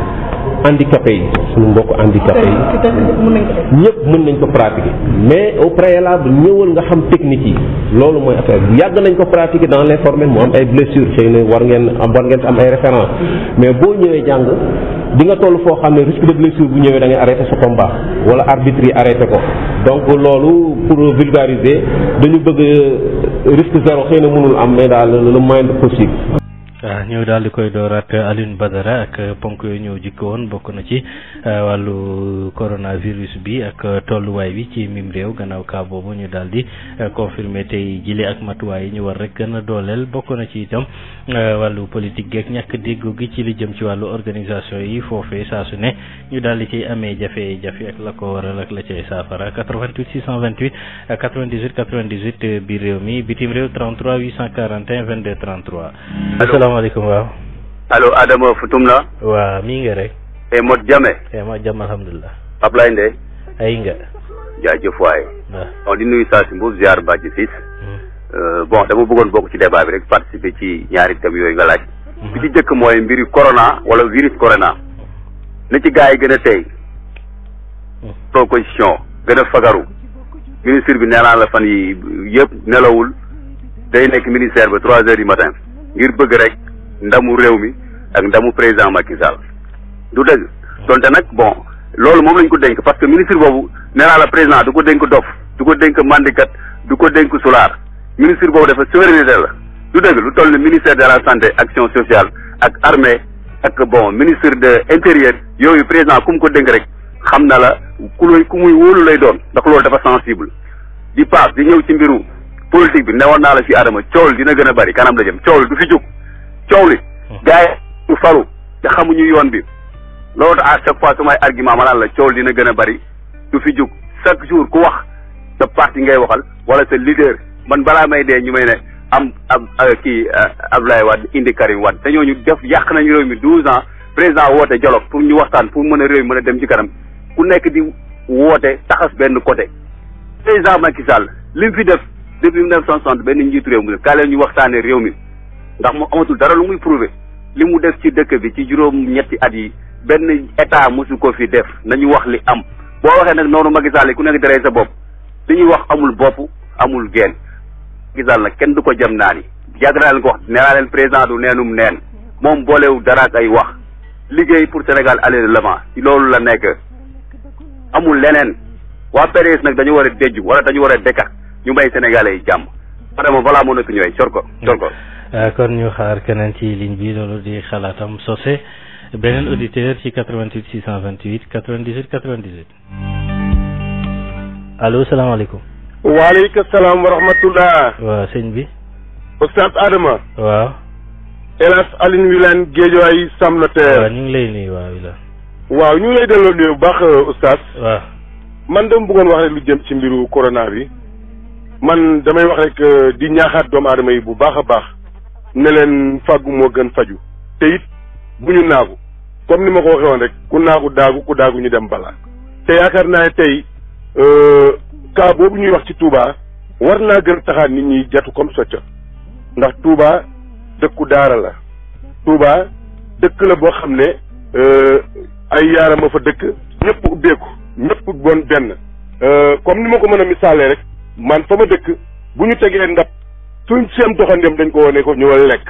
handicapé yi suñu mbokk handicapé yi ñëpp mën nañ ko pratiquer mais au préalable ñëwal nga xam technique yi loolu mooy affaire bi yàgg nañ ko pratiquer dans l'informel mu am ay blessures xëy na war ngeen war ngeen am ay référence mais boo ñëwee jàng di nga toll foo xam ne risque de blessure bu ñëwee da ngay arrêté sa combat wala arbitre yi arrêté ko donc loolu pour vulgariser dañu bëgg risque zéro xëy na mënul am mais daal le moindre possible Euh, ñëw daal di koy door ak Alioune Badara ak ponk yooyu ñëw jikko bokk na ci euh, wàllu coronavirus bi ak tolluwaay bi ci mim réew gannaaw kaa boobu ñu daal di euh, confirmer tey jile ak matuwaay yi ñu war rek gën a dooleel bokk na ci itam wàllu politique geek ñakk déggoo gi ci li jëm ci wàllu organisation yi foofee saa su ne ñu daal di ciy amee jafe-jafe ak la ko waral ak la cay saafara 88 628 98 98 biir réew mi bitim réew 33 841 22 33. asalaamaaleykum waaw allo Adama futum la waaw mii nga rek e eh, mot jame e eh, mot jam alhamdulilah Ablaye Ndeye ay nga jaajëf waay bon di nuyu saa si mbuub ziar Badji Ciss hmm. euh, bon dama bëggoon bokk ci débat bi rek participer ci ñaari thèmes yooyu nga laaj hmm. bi ci jëkk mooy mbir korona wala virus corona na ci gars yi gën a tey hmm. précaution gën a fagaru ministre bi nee naa fan yi yëpp nelawul day nekk ministère bi trois heures du matin ngir bëgg rek ndamu réew mi ak ndamu président Macky Sall du dëgg donte nag bon loolu moom lañ ko dénk parce que ministre boobu nee naa la président du ko dénk dof du ko dénk mandikat du ko dénk sulaar ministre boobu dafa souveraineté la du dëgg lu toll ni ministère de la santé action sociale ak armée ak bon ministre de intérieur yooyu président ku mu ko dénk rek xam na la ku lay ku muy lay doon ndax loolu dafa sensible di paas di ñëw ci mbiru politique bi newoon naa la fi Adama coow dina gën a bëri kanam la jëm coow li du fi jóg coow li hmm. gars yi ñu faru te xamuñu yoon bi loolu à chaque fois su may argument ma naan la coow dina gën a bëri du fi jóg chaque jour ku wax sa parti ngay waxal wala sa leader man balaa may dee ñu may ne am am euh, kii euh, Abdoulaye Wade indi Karim Wade te ñu def yàq nañu réew mi douze ans président woote dialogue pour ñu waxtaan pour mën a réew mën a dem ci kanam ku nekk di woote taxas benn côté président Macky li mu depuis 1960 benn njiitu réew mi la kaa leen ñu waxtaanee réew mi ndax mu amatul dara lu muy prouvé li mu def ci dëkk bi ci juróom-ñetti at yi benn état mosul ko fi def nañu wax li am. boo waxee nag noonu Macky Sall ku nekk daree sa bopp li ñu wax amul bopp amul gen Macky Sall nag kenn du ko jëm naan yi yàgg naa ko wax nee naa président du neenum neen moom boolewu dara ak ay wax liggéey pour Sénégal aller de l'avant ci loolu la nekk amul leneen waa PDS nag dañu war a déjju wala dañu war a dëkka ñu may sénégalais yi jàmm vraiment voilà moo nekk ñooy cor ko euh, kon ñu xaar keneen ci ligne bi loolu di xalaatam sosé beneen auditeur ci 88 628 98 98 allo salaamaaleykum waaleykum salaam wa rahmatullah waaw sëñ bi Oustaz Adama waaw El Hadj Aline Wilane Guédiawaye Sam Notaire ñu ngi lay nuyu waaw Wilane waaw ñu ngi lay delloo nuyu bu baax euh, Oustaz waaw man dama bëggoon wax rek lu jëm ci mbiru corona bi man damay wax rek euh, di ñaaxaat doomu aadama yi bu baax a baax ne leen fàggu moo gën faju te it bu ñu naagu comme ni ma ko waxee woon rek ku naagu daagu ku daagu ñu dem balaa te yaakaar naa ne tey euh, cas boobu ñuy wax ci Touba war naa gën a taxaat nit ñi jatu comme socca ndax Touba dëkku daara la Touba dëkk la boo xam ne euh, ay yaara ma fa dëkk ñëpp ubbeeku ñëpp bon benn comme ni ma ko mën a misaalee rek man fa ma dëkk bu ñu tegee ndab suñ seen doxandem dañ ko wane ko ñëwal lekk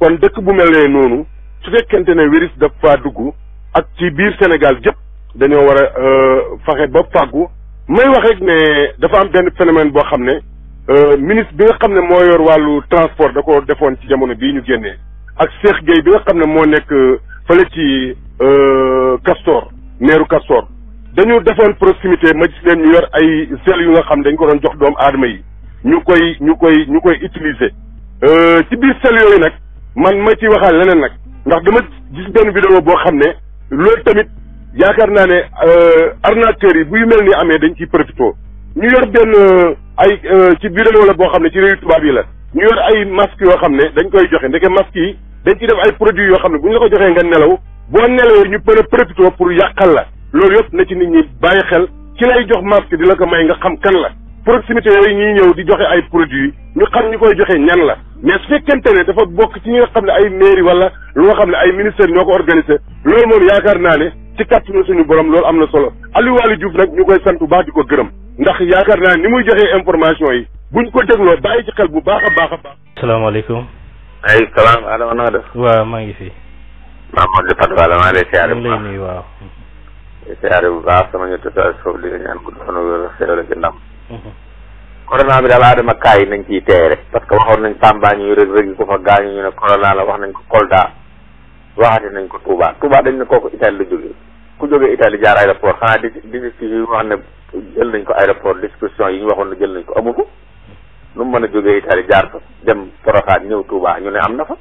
kon dëkk bu mel nee noonu su fekkente ne virus dafa dugg ak ci biir Sénégal jëpp dañoo war a euh, faxe ba fàggu may wax ne dafa am benn phénomène boo xam ne euh, ministre bi nga xam ne moo yor wàllu transport da ko defoon ci jamono bii ñu génnee ak Cheikh Gueye bi nga xam ne moo nekk fële ci euh, Castor meeru Castor dañu defoon proximité ma gis leen ñu yor ay sel yu nga xam ne dañ ko doon jox doomu aadama yi ñu koy ñu koy ñu koy utiliser. Euh, ci biir sel yooyu nag man ma ci waxaal leneen nag ndax dama gis benn vidéo boo xam ne loolu tamit yaakaar naa ne euh, arnaqueurs yi buy mel ni amee dañ ciy profité ñu yor benn euh, ay ci vidéo la boo xam ne ci réew tubaab yi la ñu yor ay masques yoo xam ne dañ koy joxe ndeke masques yi dañ ciy def ay produits yoo xam ne bu ñu la ko joxee nga nelaw boo nelawee ñu mën a profité pour yàqal la. loolu yëpp na ci nit ñi bàyyi xel ci lay jox masque di la ko may nga xam kan la proximité yooyu ñuy ñëw di joxe ay produits ñu xam ñu koy joxe ñan la mais su fekkente ne dafa bokk ci ñi nga xam ne ay mairie wala lu nga xam ne ay ministère ñoo ko organisé loolu moom yaakaar naa ne ci kàttanu suñu borom loolu am na solo Aliou Waly nag ñu koy sant bu baax di ko gërëm ndax yaakaar naa ni muy joxe information yi bu buñ ko dégloo bàyyi ci xel bu baax a baax baax. salaamaaleykum. ay salaam Adama noo def. waaw maa ngi fi. Mamadou Fatou Ba la maa ngi lay siyaare bu siyaare bu baax sama ñetti taal foofu li nga ñaan gudd fan wala seewale ci ndam. Mhm. corona bi daal aadama kaay nañ ciy teey rek parce que waxoon nañ Tamba ñu rëg rëg ko fa gaañu ñu ne corona la wax nañ ko Kolda waxati nañ ko Touba Touba dañ ne kooku Italie la jógee ku jógee Italie jaar aéroport xanaa di di yi wax ne jël nañ ko aéroport discussion yi ñu waxoon ne jël nañ ko amu ko nu mu mën a jógee Italie jaar fa dem Porokhane ñëw Touba ñu ne am na fa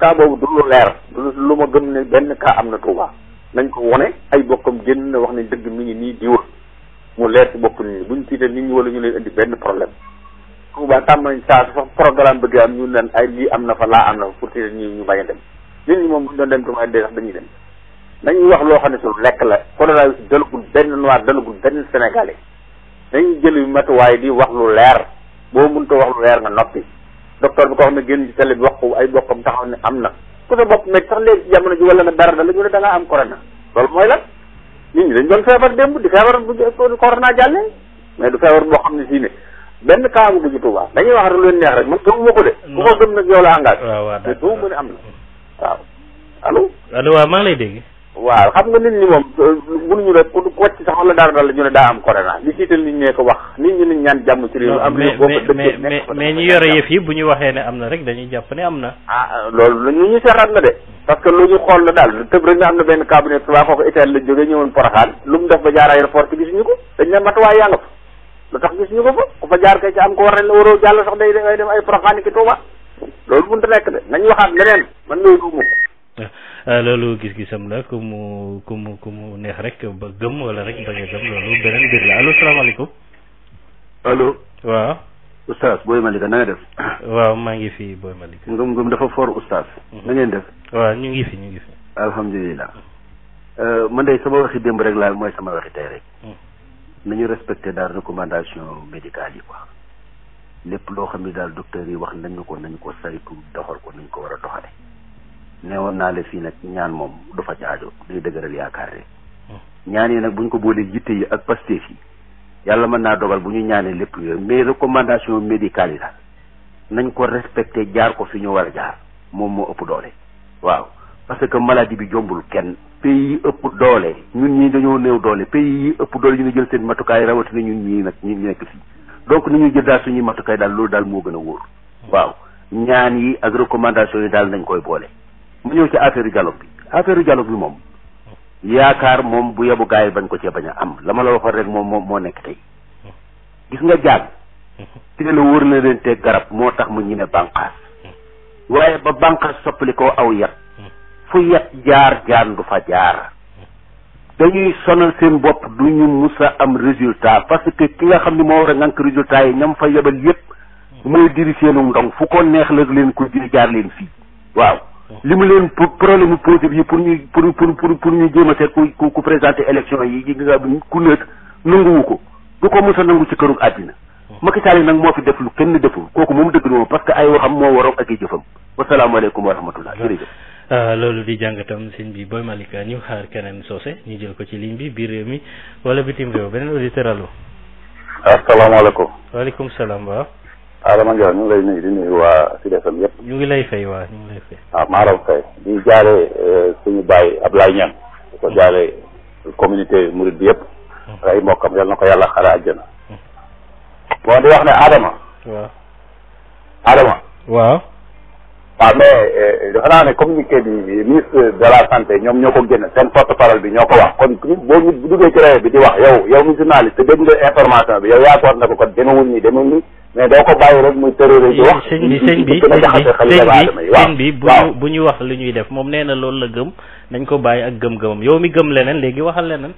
cas boobu du lu ma gëm ne benn am na Touba. nañ ko wone ay bokkam génn na wax ne dëgg mi ngi nii di mu leer ci bopp nit ñi buñ tiital nit ñi wala ñu leen indi benn problème Touba tàmm nañ saa su fa bëgg am ñu naan ay lii am na fa laa am na fa pour tiital ñi ñu bañ a dem nit ñi moom buñ doon dem Touba dee sax dañuy dem nañuy wax loo xam ne su lekk la coronavirus dalagul benn noir dalagul benn sénégalais dañuy jël matuwaay di wax lu leer boo mënut a wax lu leer nga noppi docteur bi ko xam ne génn ci télé bi wax ko ay ne am na ku sa bopp métti sax léegi ci jamono ji wala na dara da la ñu ne da ngaa am corona loolu mooy lan nit ñi dañ doon feebar démb di feebar bu corona jàllee mais du feebar boo xam ne fii ne benn cas bu dugg Touba dañuy wax lu leen neex rek man gëmuma ko mu mm. ku ko gëm nag yow la engagé. waaw waaw d' accord te gëmuma ne am dégg. waaw xam nga nit ñi moom euh, ñu rek ku wàcc sax wala dara dal ñu ne daa am corona li siital nit ñee ko wax nit ñi nañ ñaan jàmm ci réew am réew boo ñu yore yëf yi bu ñu waxee ne am na rek dañuy jàpp ne am na ah loolu ñu ñu seexaat la de parce que lu ñu xool la daal benn cabinet subaa kooku ñëwoon Porokhane lu mu def ba jaar aéroport bi ko dañ ne matuwaay yaa nga fa lu tax gisuñu ko fa ku fa jaar kay ci am ko war nañ la waroo jàll sax day dem ay Porokhane ki Touba loolu mënut a nekk de nañ waxaat leneen man loolu du Euh, loolu gis-gisam la ku mu ku mu ku mu neex rek ba gëm wala rek bañ a gëm loolu beneen mbir la allo salaamaaleykum. allo. waaw. oustaz Boy Malika na nga def. waaw maa ngi fi Boy Malika. ngëm ngëm dafa for oustaz. Mhm. na ngeen def. waaw ñu ngi fi ñu ngi fi. alhamdulilah. Euh, man de sama waxi démb rek laal mooy sama waxi tey rek. Mhm. nañu respecté daal recommandation médicale yi quoi. lépp loo xam ne daal docteur yi wax nañu ko nañu ko saytu doxal ko nañu ko war a doxale ne wan naa la fii nag ñaan moom du fa caajo day dëgëral yaakaar hmm. ñaan yi nag buñ ko boolee yitte yi ak pasteef yi yàlla mën naa dogal bu ñu ñaanee lépp yooyu mais recommandation médicale yi nañ ko respecté jaar ko fi war a moom moo ëpp doole waaw parce que maladie bi jombul kenn pays ëpp doole ñun ñii dañoo néew doole pays ëpp doole ñu ngi jël seen matukaay rawatina ñun ñii nag ñu nekk fii donc ñuy jël daal suñuy matukaay daal loolu daal moo gën a wóor hmm. waaw ñaan yi ak recommandation yi daal nañ koy boole mu ñëw ci affaire dialogue bi affaire dialogue bi moom yaakaar moom bu yebu gaa yi bañ ko cee bañ a am lama la waxoon rek moom moo moo nekk tey gis nga jaag teel a wóor na leen te garab moo tax mu ñu ne bànqaas waaye ba bànqaas soppali koo aw yat fu yat jaar jaan du fa jaar dañuy sonal seen bopp du ñu musa am résultat parce que ki nga xam ne moo war a ngànk résultat yi ñam fa yebal yépp mm. mooy diri seenu ndong fu ko neex la leen ko jël jaar leen fii waaw li mu leen problème posé yi pour ñu pour pour pour ñu jéem a seet ku ku ku présenté élection yi ku nekk nanguwu ko du ko mos a nangu ci këru àddina. Macky Sall nag moo fi def lu kenn deful kooku moom dëgg moom parce que ay waxam moo waroon ak i jëfam wasalaamaaleykum wa rahmatullah jërëjëf. Euh, loolu di jàngatam sëñ bi Boy Malika ñu xaar keneen soose ñu jël ko ci ligne bi biir réew mi wala bitim réew beneen auditeur allo. asalaamaaleykum. waaleykum salaam ba Adama Ndiaye ñu ngi lay nuyu di nuyu waa Sud FM yëpp. ñu ngi lay fay waa ñu ngi lay fay. waaw ah, Maram Faye di jaale euh, suñu baay Ablaye Niang di ko jaale communauté Mouride bi yëpp. Hmm. ay mbokkam yal na ko yàlla xare àjjana. Hmm. bon di wax ne Adama. waaw. Adama. waaw. waaw ah, mais euh, dafa naa ne communiqué bi ministre de la santé ñoom ñoo ko génn seen porte parole bi ñoo ko wax kon boo ñu duggee bi di wax yaw yow mi journaliste dégg nga bi yow yaa ko war ne ko kon demewul nii demewul nii. mais doo ko bàyyi rek muy tërëre di wax sëñ bi sëñ bi sëñ bi bu ñu bu ñu wax li ñuy def moom nee na loolu la gëm nañ ko bàyyi ak gëm-gëmam yow mi gëm leneen léegi waxal leneen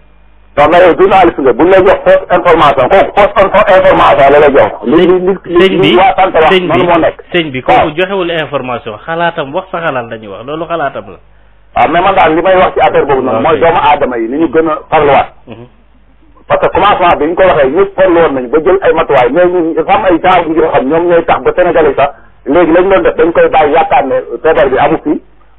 non mais yow journaliste nga bu ñu lay jox fausse information kooku fausse information la lay jox li li li waa sant wax bi kooku joxewul information xalaatam wax sa xalaat dañuy wax loolu xalaatam la waaw mais man daal li may wax ci affaire boobu noonu mooy doomu aadama yi ni ñu gën a farluwaat mhm. parce que commencement bi ñu ko waxee ñëpp farlu woon nañu ba jël ay matuwaay mais ñu am ay taaw yoo xam ñoom ñooy tax ba sénégalais sax léegi lañ doon def dañ koy bàyyi yaakaar ne feebar bi amu fi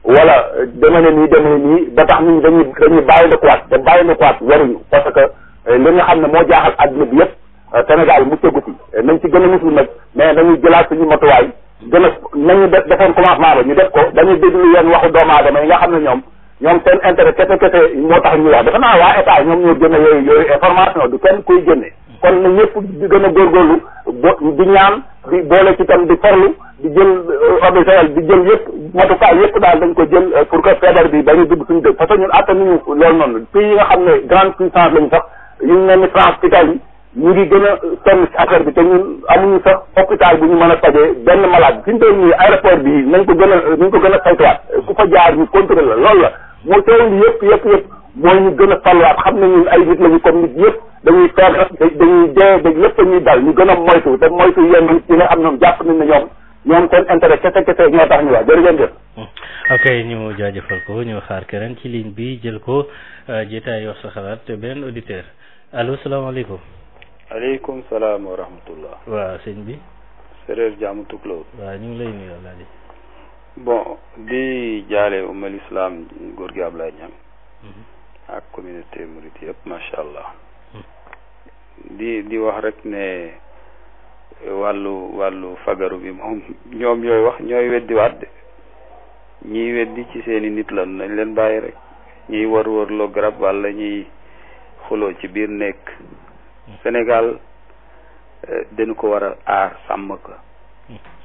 wala deme ne nii deme ne nii ba tax nit ñi dañuy dañuy bàyyi na kuwaat te bàyyi na kuwaat waruñu parce que eh, li nga xam ne moo jaaxal àdduna bi yëpp eh, Sénégal mu tegu ci eh, nañ ci gën a musul nag mais nañu jëlaat suñu matuwaay gën a nañu def commencement ba ñu def ko dañuy déglu yenn waxu doomu aadama yi nga xam ne ñoom ñoom seen intérêt kese kese moo tax ñu wax dafa naa waa état ñoom ñoo génne yooyu information du kenn kuy génne kon na ñëpp di gën a góorgóorlu bo di ñaan di boole ci tam di farlu di jël obisayal euh, di jël yëpp matukaay yëpp daal dañ ko jël euh, pour que feebar bi bañu dugg suñu dëkk parce que ñun attanuñu loolu noonu pays yi nga xam ne grande puissance lañu sax yu mel ni France Italie ñu ngi gën a sonn ci affaire bi te ñun amuñu sax hôpital bu ñu mën a benn malade fi ñu toll bi nañ ko gën a ko gën a saytuwaat ku fa jaar loolu la mu teew li yëpp yëpp yëpp mooy ñu gën a falwaat xam ne ñun ay nit lañu comme nit yëpp dañuy feebar dañuy dee da lépp dañuy dal ñu gën a moytu te moytu yenn nit ñi nga am ñoom jàpp nañ ne ñoom ñoom seen intérêt kese kese ñoo tax ñu wax jërëjëf jëf ok ñu jaajëfal ko ñu xaar keneen ci ligne bi jël ko euh, jéetaay wax sa xalaat beneen auditeur allo salaamaaleykum aleykum salaam wa rahmatullah waaw sëñ bi Sereer Jaamu Tukulóor waaw ñu ngi lay nuyu Alaaji bon di jaale umal islam góor gi Ablaye Niang mhm. ak communauté murit yëpp macha allah mhm. di di wax rekk ne wàllu wàllu fagaro bi moom ñoom ñooy wax ñooy weddiwaat de ñiy weddi ci seeni nit la nañ leen bàyyi rek ñuy war war loo garab walla ñiy xuloo ci biir nekk mhm. Sénégal eh, dañu ko war a aar sàmm ko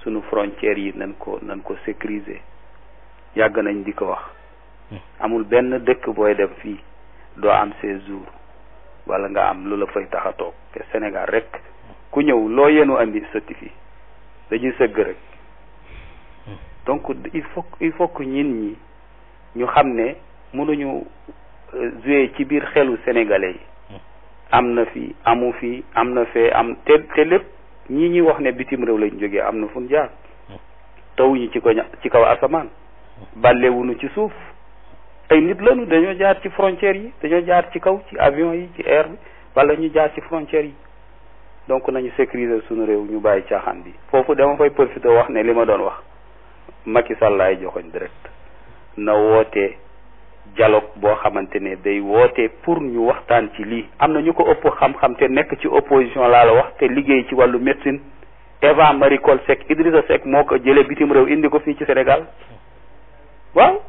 sunu frontières yi nañ ko nañ ko sécuriser yàgg nañ di ko wax hmm. amul benn dëkk booy dem fii doo am séjour wala nga am lu la fay tax a toog te Sénégal rek ku ñëw loo yenu andi sotti fii dañuy sëgg rek hmm. donc il faut il faut que ñin ñi ñu xam ne mënuñu euh, jouer ci biir xelu sénégalais yi hmm. am na fi amu fii am na fee am te te lépp ñii ñuy wax ne bitim réew lañ jógee am na fu jaar jaar ñi ci ko ci kaw asamaan bàllewuñu ci suuf ay nit lañu dañoo jaar ci frontières yi dañoo jaar ci kaw ci avion yi ci air bi wala ñu jaar ci frontières yi donc nañu sécuriser sunu réew ñu bàyyi caaxaan bi foofu dama fay profité wax ne li ma doon wax Macky Sall laay joxoñ direct na wootee dialogue boo xamante ne day woote pour ñu waxtaan ci lii am na ñu ko ëpp xam-xam te nekk ci opposition laa la wax te liggéey ci wàllu médecine Eva Marie Coll Seck Idrissa Seck moo ko jëlee bitim réew indi ko fii ci Sénégal waaw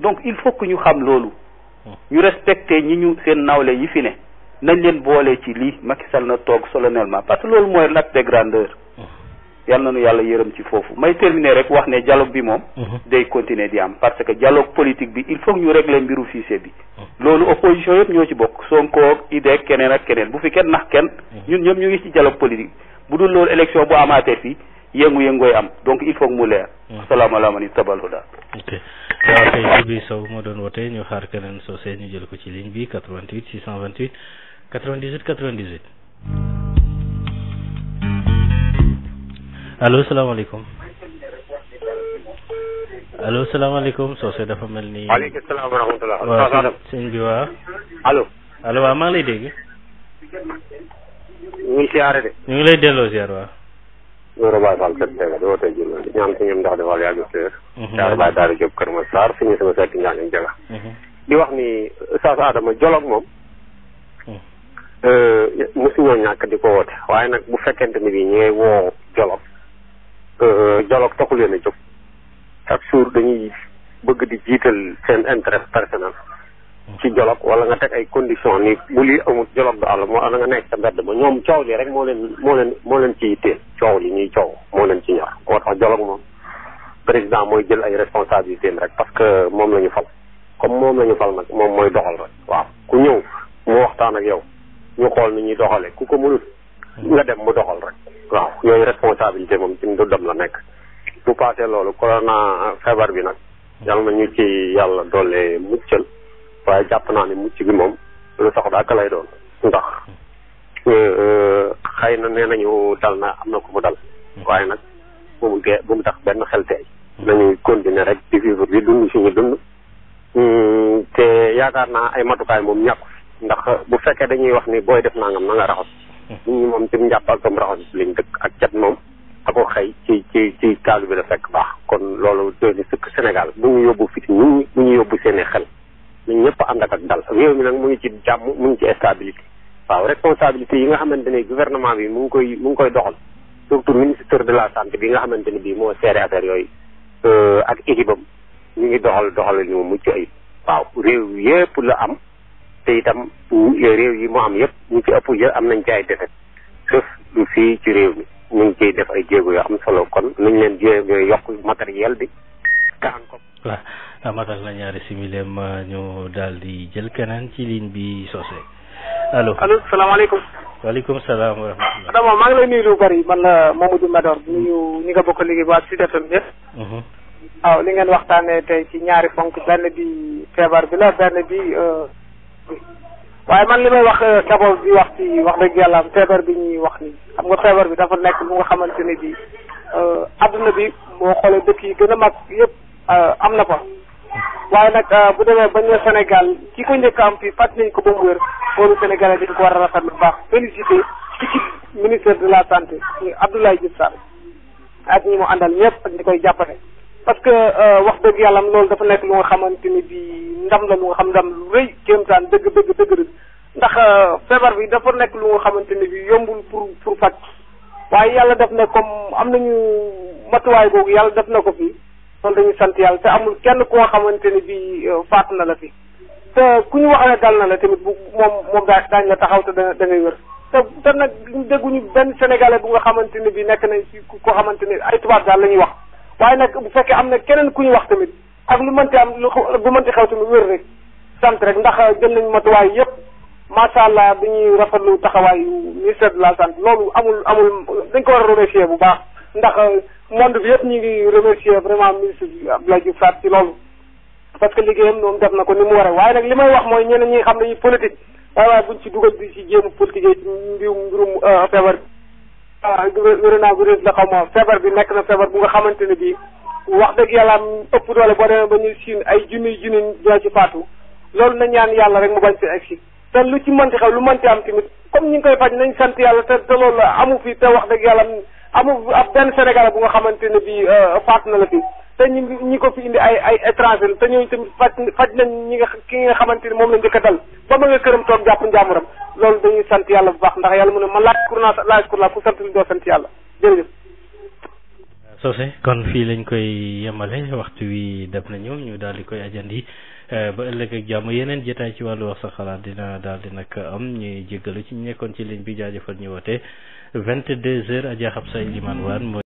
donc il faut que ñu xam loolu ñu respecté ñi ñu seen nawle yi fi ne nañ leen boole ci lii Macky Sall na toog solennellement parce que loolu mooy l'acte de grandeur yal na nu yàlla yërëm ci foofu may terminer rek wax ne dialogue bi moom. Mhm. day continuer di am parce que dialogue politique bi il faut ñu régler mbiru fichier bi. Mhm. loolu opposition yëpp ñoo ci bokk Sonko ak IDEC keneen ak keneen bu fi kenn nax kenn. Mhm. ñun ñëpp ñu ngi ci dialogue politique bu dul loolu élection bu amaatee fii yëngu-yëngooy am donc il faut que mu leer. asalaamaaleykum ni tabal huda. ok waaw ah, kay Jibi Sow moo doon wote ñu xaar keneen soo see ñu jël ko ci ligne bi 88 628 98 98. allo salaamaaleykum allo salaamaaleykum Socé dafa mel ni. waaleykum salaam wa rahmatulah. waaw sëñ bi waaw. allo. allo waaw maa ngi lay dégg. ñu ngi siyaare de. ñu ngi lay delloo di ñaan suñu ndax dafa yàgg séer. Mhm. Daara Baye Daara Diop Kër Massar suñu sama seeti ñaan mhm. ni Oustaz Adama mhm. euh, ko woote waaye nag bu fekkente ni bii ñu ngay woo Euh, dialogue taxu leen a jóg chaque jour dañuy bëgg di jiital seen intérêt personnel ci dialogue wala nga teg ay condition ni bu lii amul dialogue du àll moo am na nga nekk sa mbedd ba coow li rek moo leen moo leen moo leen ci yitteel coow li ñuy coow moo leen ci ñor moo tax dialogue moom président mooy jël ay responsabilité rek parce que moom lañu ñu fal comme moom la ñu fal nag moom mooy doxal rek waaw ku ñëw mu waxtaan ak yow ñu xool ni ñuy doxalee ku ko mënut nga dem mu doxal waaw yooyu responsabilité moom ci ndoddam la nekk bu paasee loolu korona feebar bi nag yàlla na ñu ci yàlla doole muccal waaye jàpp naa ne mucc bi moom lu soxla ak lay doon ndax euh, euh, xëy na nee nañu dal na am na ko mu dal waaye nag bu mu dee bu mu tax benn xel teey nañuy continuer rek di vivre bi dund suñu dund hmm, te yaakaar naa ay matukaay moom ñàkku ndax bu fekkee dañuy wax ni booy def nangam na nga raxas nit ñi moom ci njàpp ak sam raxasu si dëkk ak cat moom ako xëy ci ci ci kaalu bi la fekk baax kon loolu doy na sëkk Sénégal bu ñu yóbbu fiti ñu bu ñu yóbbu seeni xel nañ ñëpp ànd ak ak dal réew mi nag mu ngi ci jàmm mu ngi ci stabilité waaw responsabilité yi nga xamante ne gouvernement bi mu ngi koy mu ngi koy doxal surtout ministre de la santé bi nga xamante ne bii moo seere affaire yooyu euh, ak équipe am ñu ngi doxal doxal ñu mucc ayib waaw réew yépp la am te itam réew yi mu am yëpp ñu ci ëpp am nañ ci ay defet sauf du fii ci réew mi ñu ngi ciy def ay jéego yoo am solo kon nañ leen jéego yokk matériel bi kaan ko waaw matal na ñaari ma ñu daal di jël keneen ci ligne bi sosé allo allo salaamaaleykum waaleykum salaam wa rahmatulah dama maa ngi lay nuyu lu bari man la Mamadou Mador nuyu nga bokk liggéey bu ak Sud FM yëpp mhm. waaw li ngeen waxtaanee tey ci ñaari fonk benn bi feebar bi la benn bi euh, waaye man li may wax Thiapaul euh, di wax wax dëgg yàlla am feebar bi ñuy wax ni xam nga feebar bi dafa nekk bu nga xamante ne bii euh, adduna bi boo xoolee dëkk yi gën a mag yëpp euh, am na fa. waaye nag bu demee ba ñëw Sénégal ki ko njëkk am fii fàttali nañ ko ba mu wér loolu Sénégalais dañ ko war a rafetlu bu baax ministère de la santé Abdoulaye Diouf Sarr ak ñi mu àndal ñëpp ak ñi koy jàppale. parce que euh, wax dëgg yàlla loolu dafa nekk lu nga xamante ni bi ndam la mu nga xam ndam lu rëy kéemtaan dëgg dëgg dëgg dëgg ndax euh, feebar bi dafa nekk lu nga xamante ni bi yombul pour pour faj waaye yàlla def na comme am nañu matuwaay googu yàlla def na ko fi loolu dañuy sant yàlla te amul kenn ku nga xamante ni bi euh, faat na la fi ku ñu wax ne dal na la tamit bu moom moom daa daañu la taxaw da da ngay wër te te nag dégguñu benn sénégalais bu nga xamante ni bi nekk nañ ci koo xamante ni ay tubaab daal la ñuy wax waaye nag bu fekkee am na keneen ku ñu wax tamit ak lu mënti am lu bu mënti xew tamit wér rek sant rek ndax jël nañu matuwaay yëpp macha allah dañuy rafetlu taxawaayu ministère de la santé loolu amul amul dañ ko war a remercier bu baax ndax monde bi yëpp ñu ngi remercier vraiment ministre bi Abdoulaye Diouf Sarr ci loolu. parce que liggéeyam moom def na ko ni mu waree waaye nag li may wax mooy ñeneen ñi nga xam ne yi waaye waaye buñ ci dugal di ci jéem politique ci mbirum mbirum euh, feebar. waaw wér-wér bu réer la xaw ma feebar bi nekk na feebar bu nga xamante ne bii wax dëgg yàlla am ëpp doole boo demee ba ñu siin ay junniy junniy doo ci faatu loolu na ñaan yàlla rek mu bañ fi egsi te lu ci mënti xew lu mënti am tamit comme ñu ngi koy faj nañ sant yàlla te te loolu amu fi te wax dëgg yàlla amu ab benn Sénégal bu nga xamante ne bii euh, faatu na la fi. te ñi ñi ko fi indi ay ay étranger te ñooñu tamit faj faj nañ ñi nga ki nga xamante ni moom la njëkk a dal ba ma nga këram toog jàpp njaamuram loolu dañuy sant yàlla bu baax ndax yàlla mu ne man laaj kur laaj kur laa ku sant li doo sant yàlla jërëjëf. Socé kon fii lañ koy yemale waxtu wi def nañu ñu daal di koy ajandi eh, ba ëllëg ak jàmm yeneen jotaay ci wàllu wax sa xalaat dina daal di nag am ñuy jéggalu ci ñu nekkoon ci ligne bi jaajëfal ñu woote 22h Adja Habsa Elimane Wane.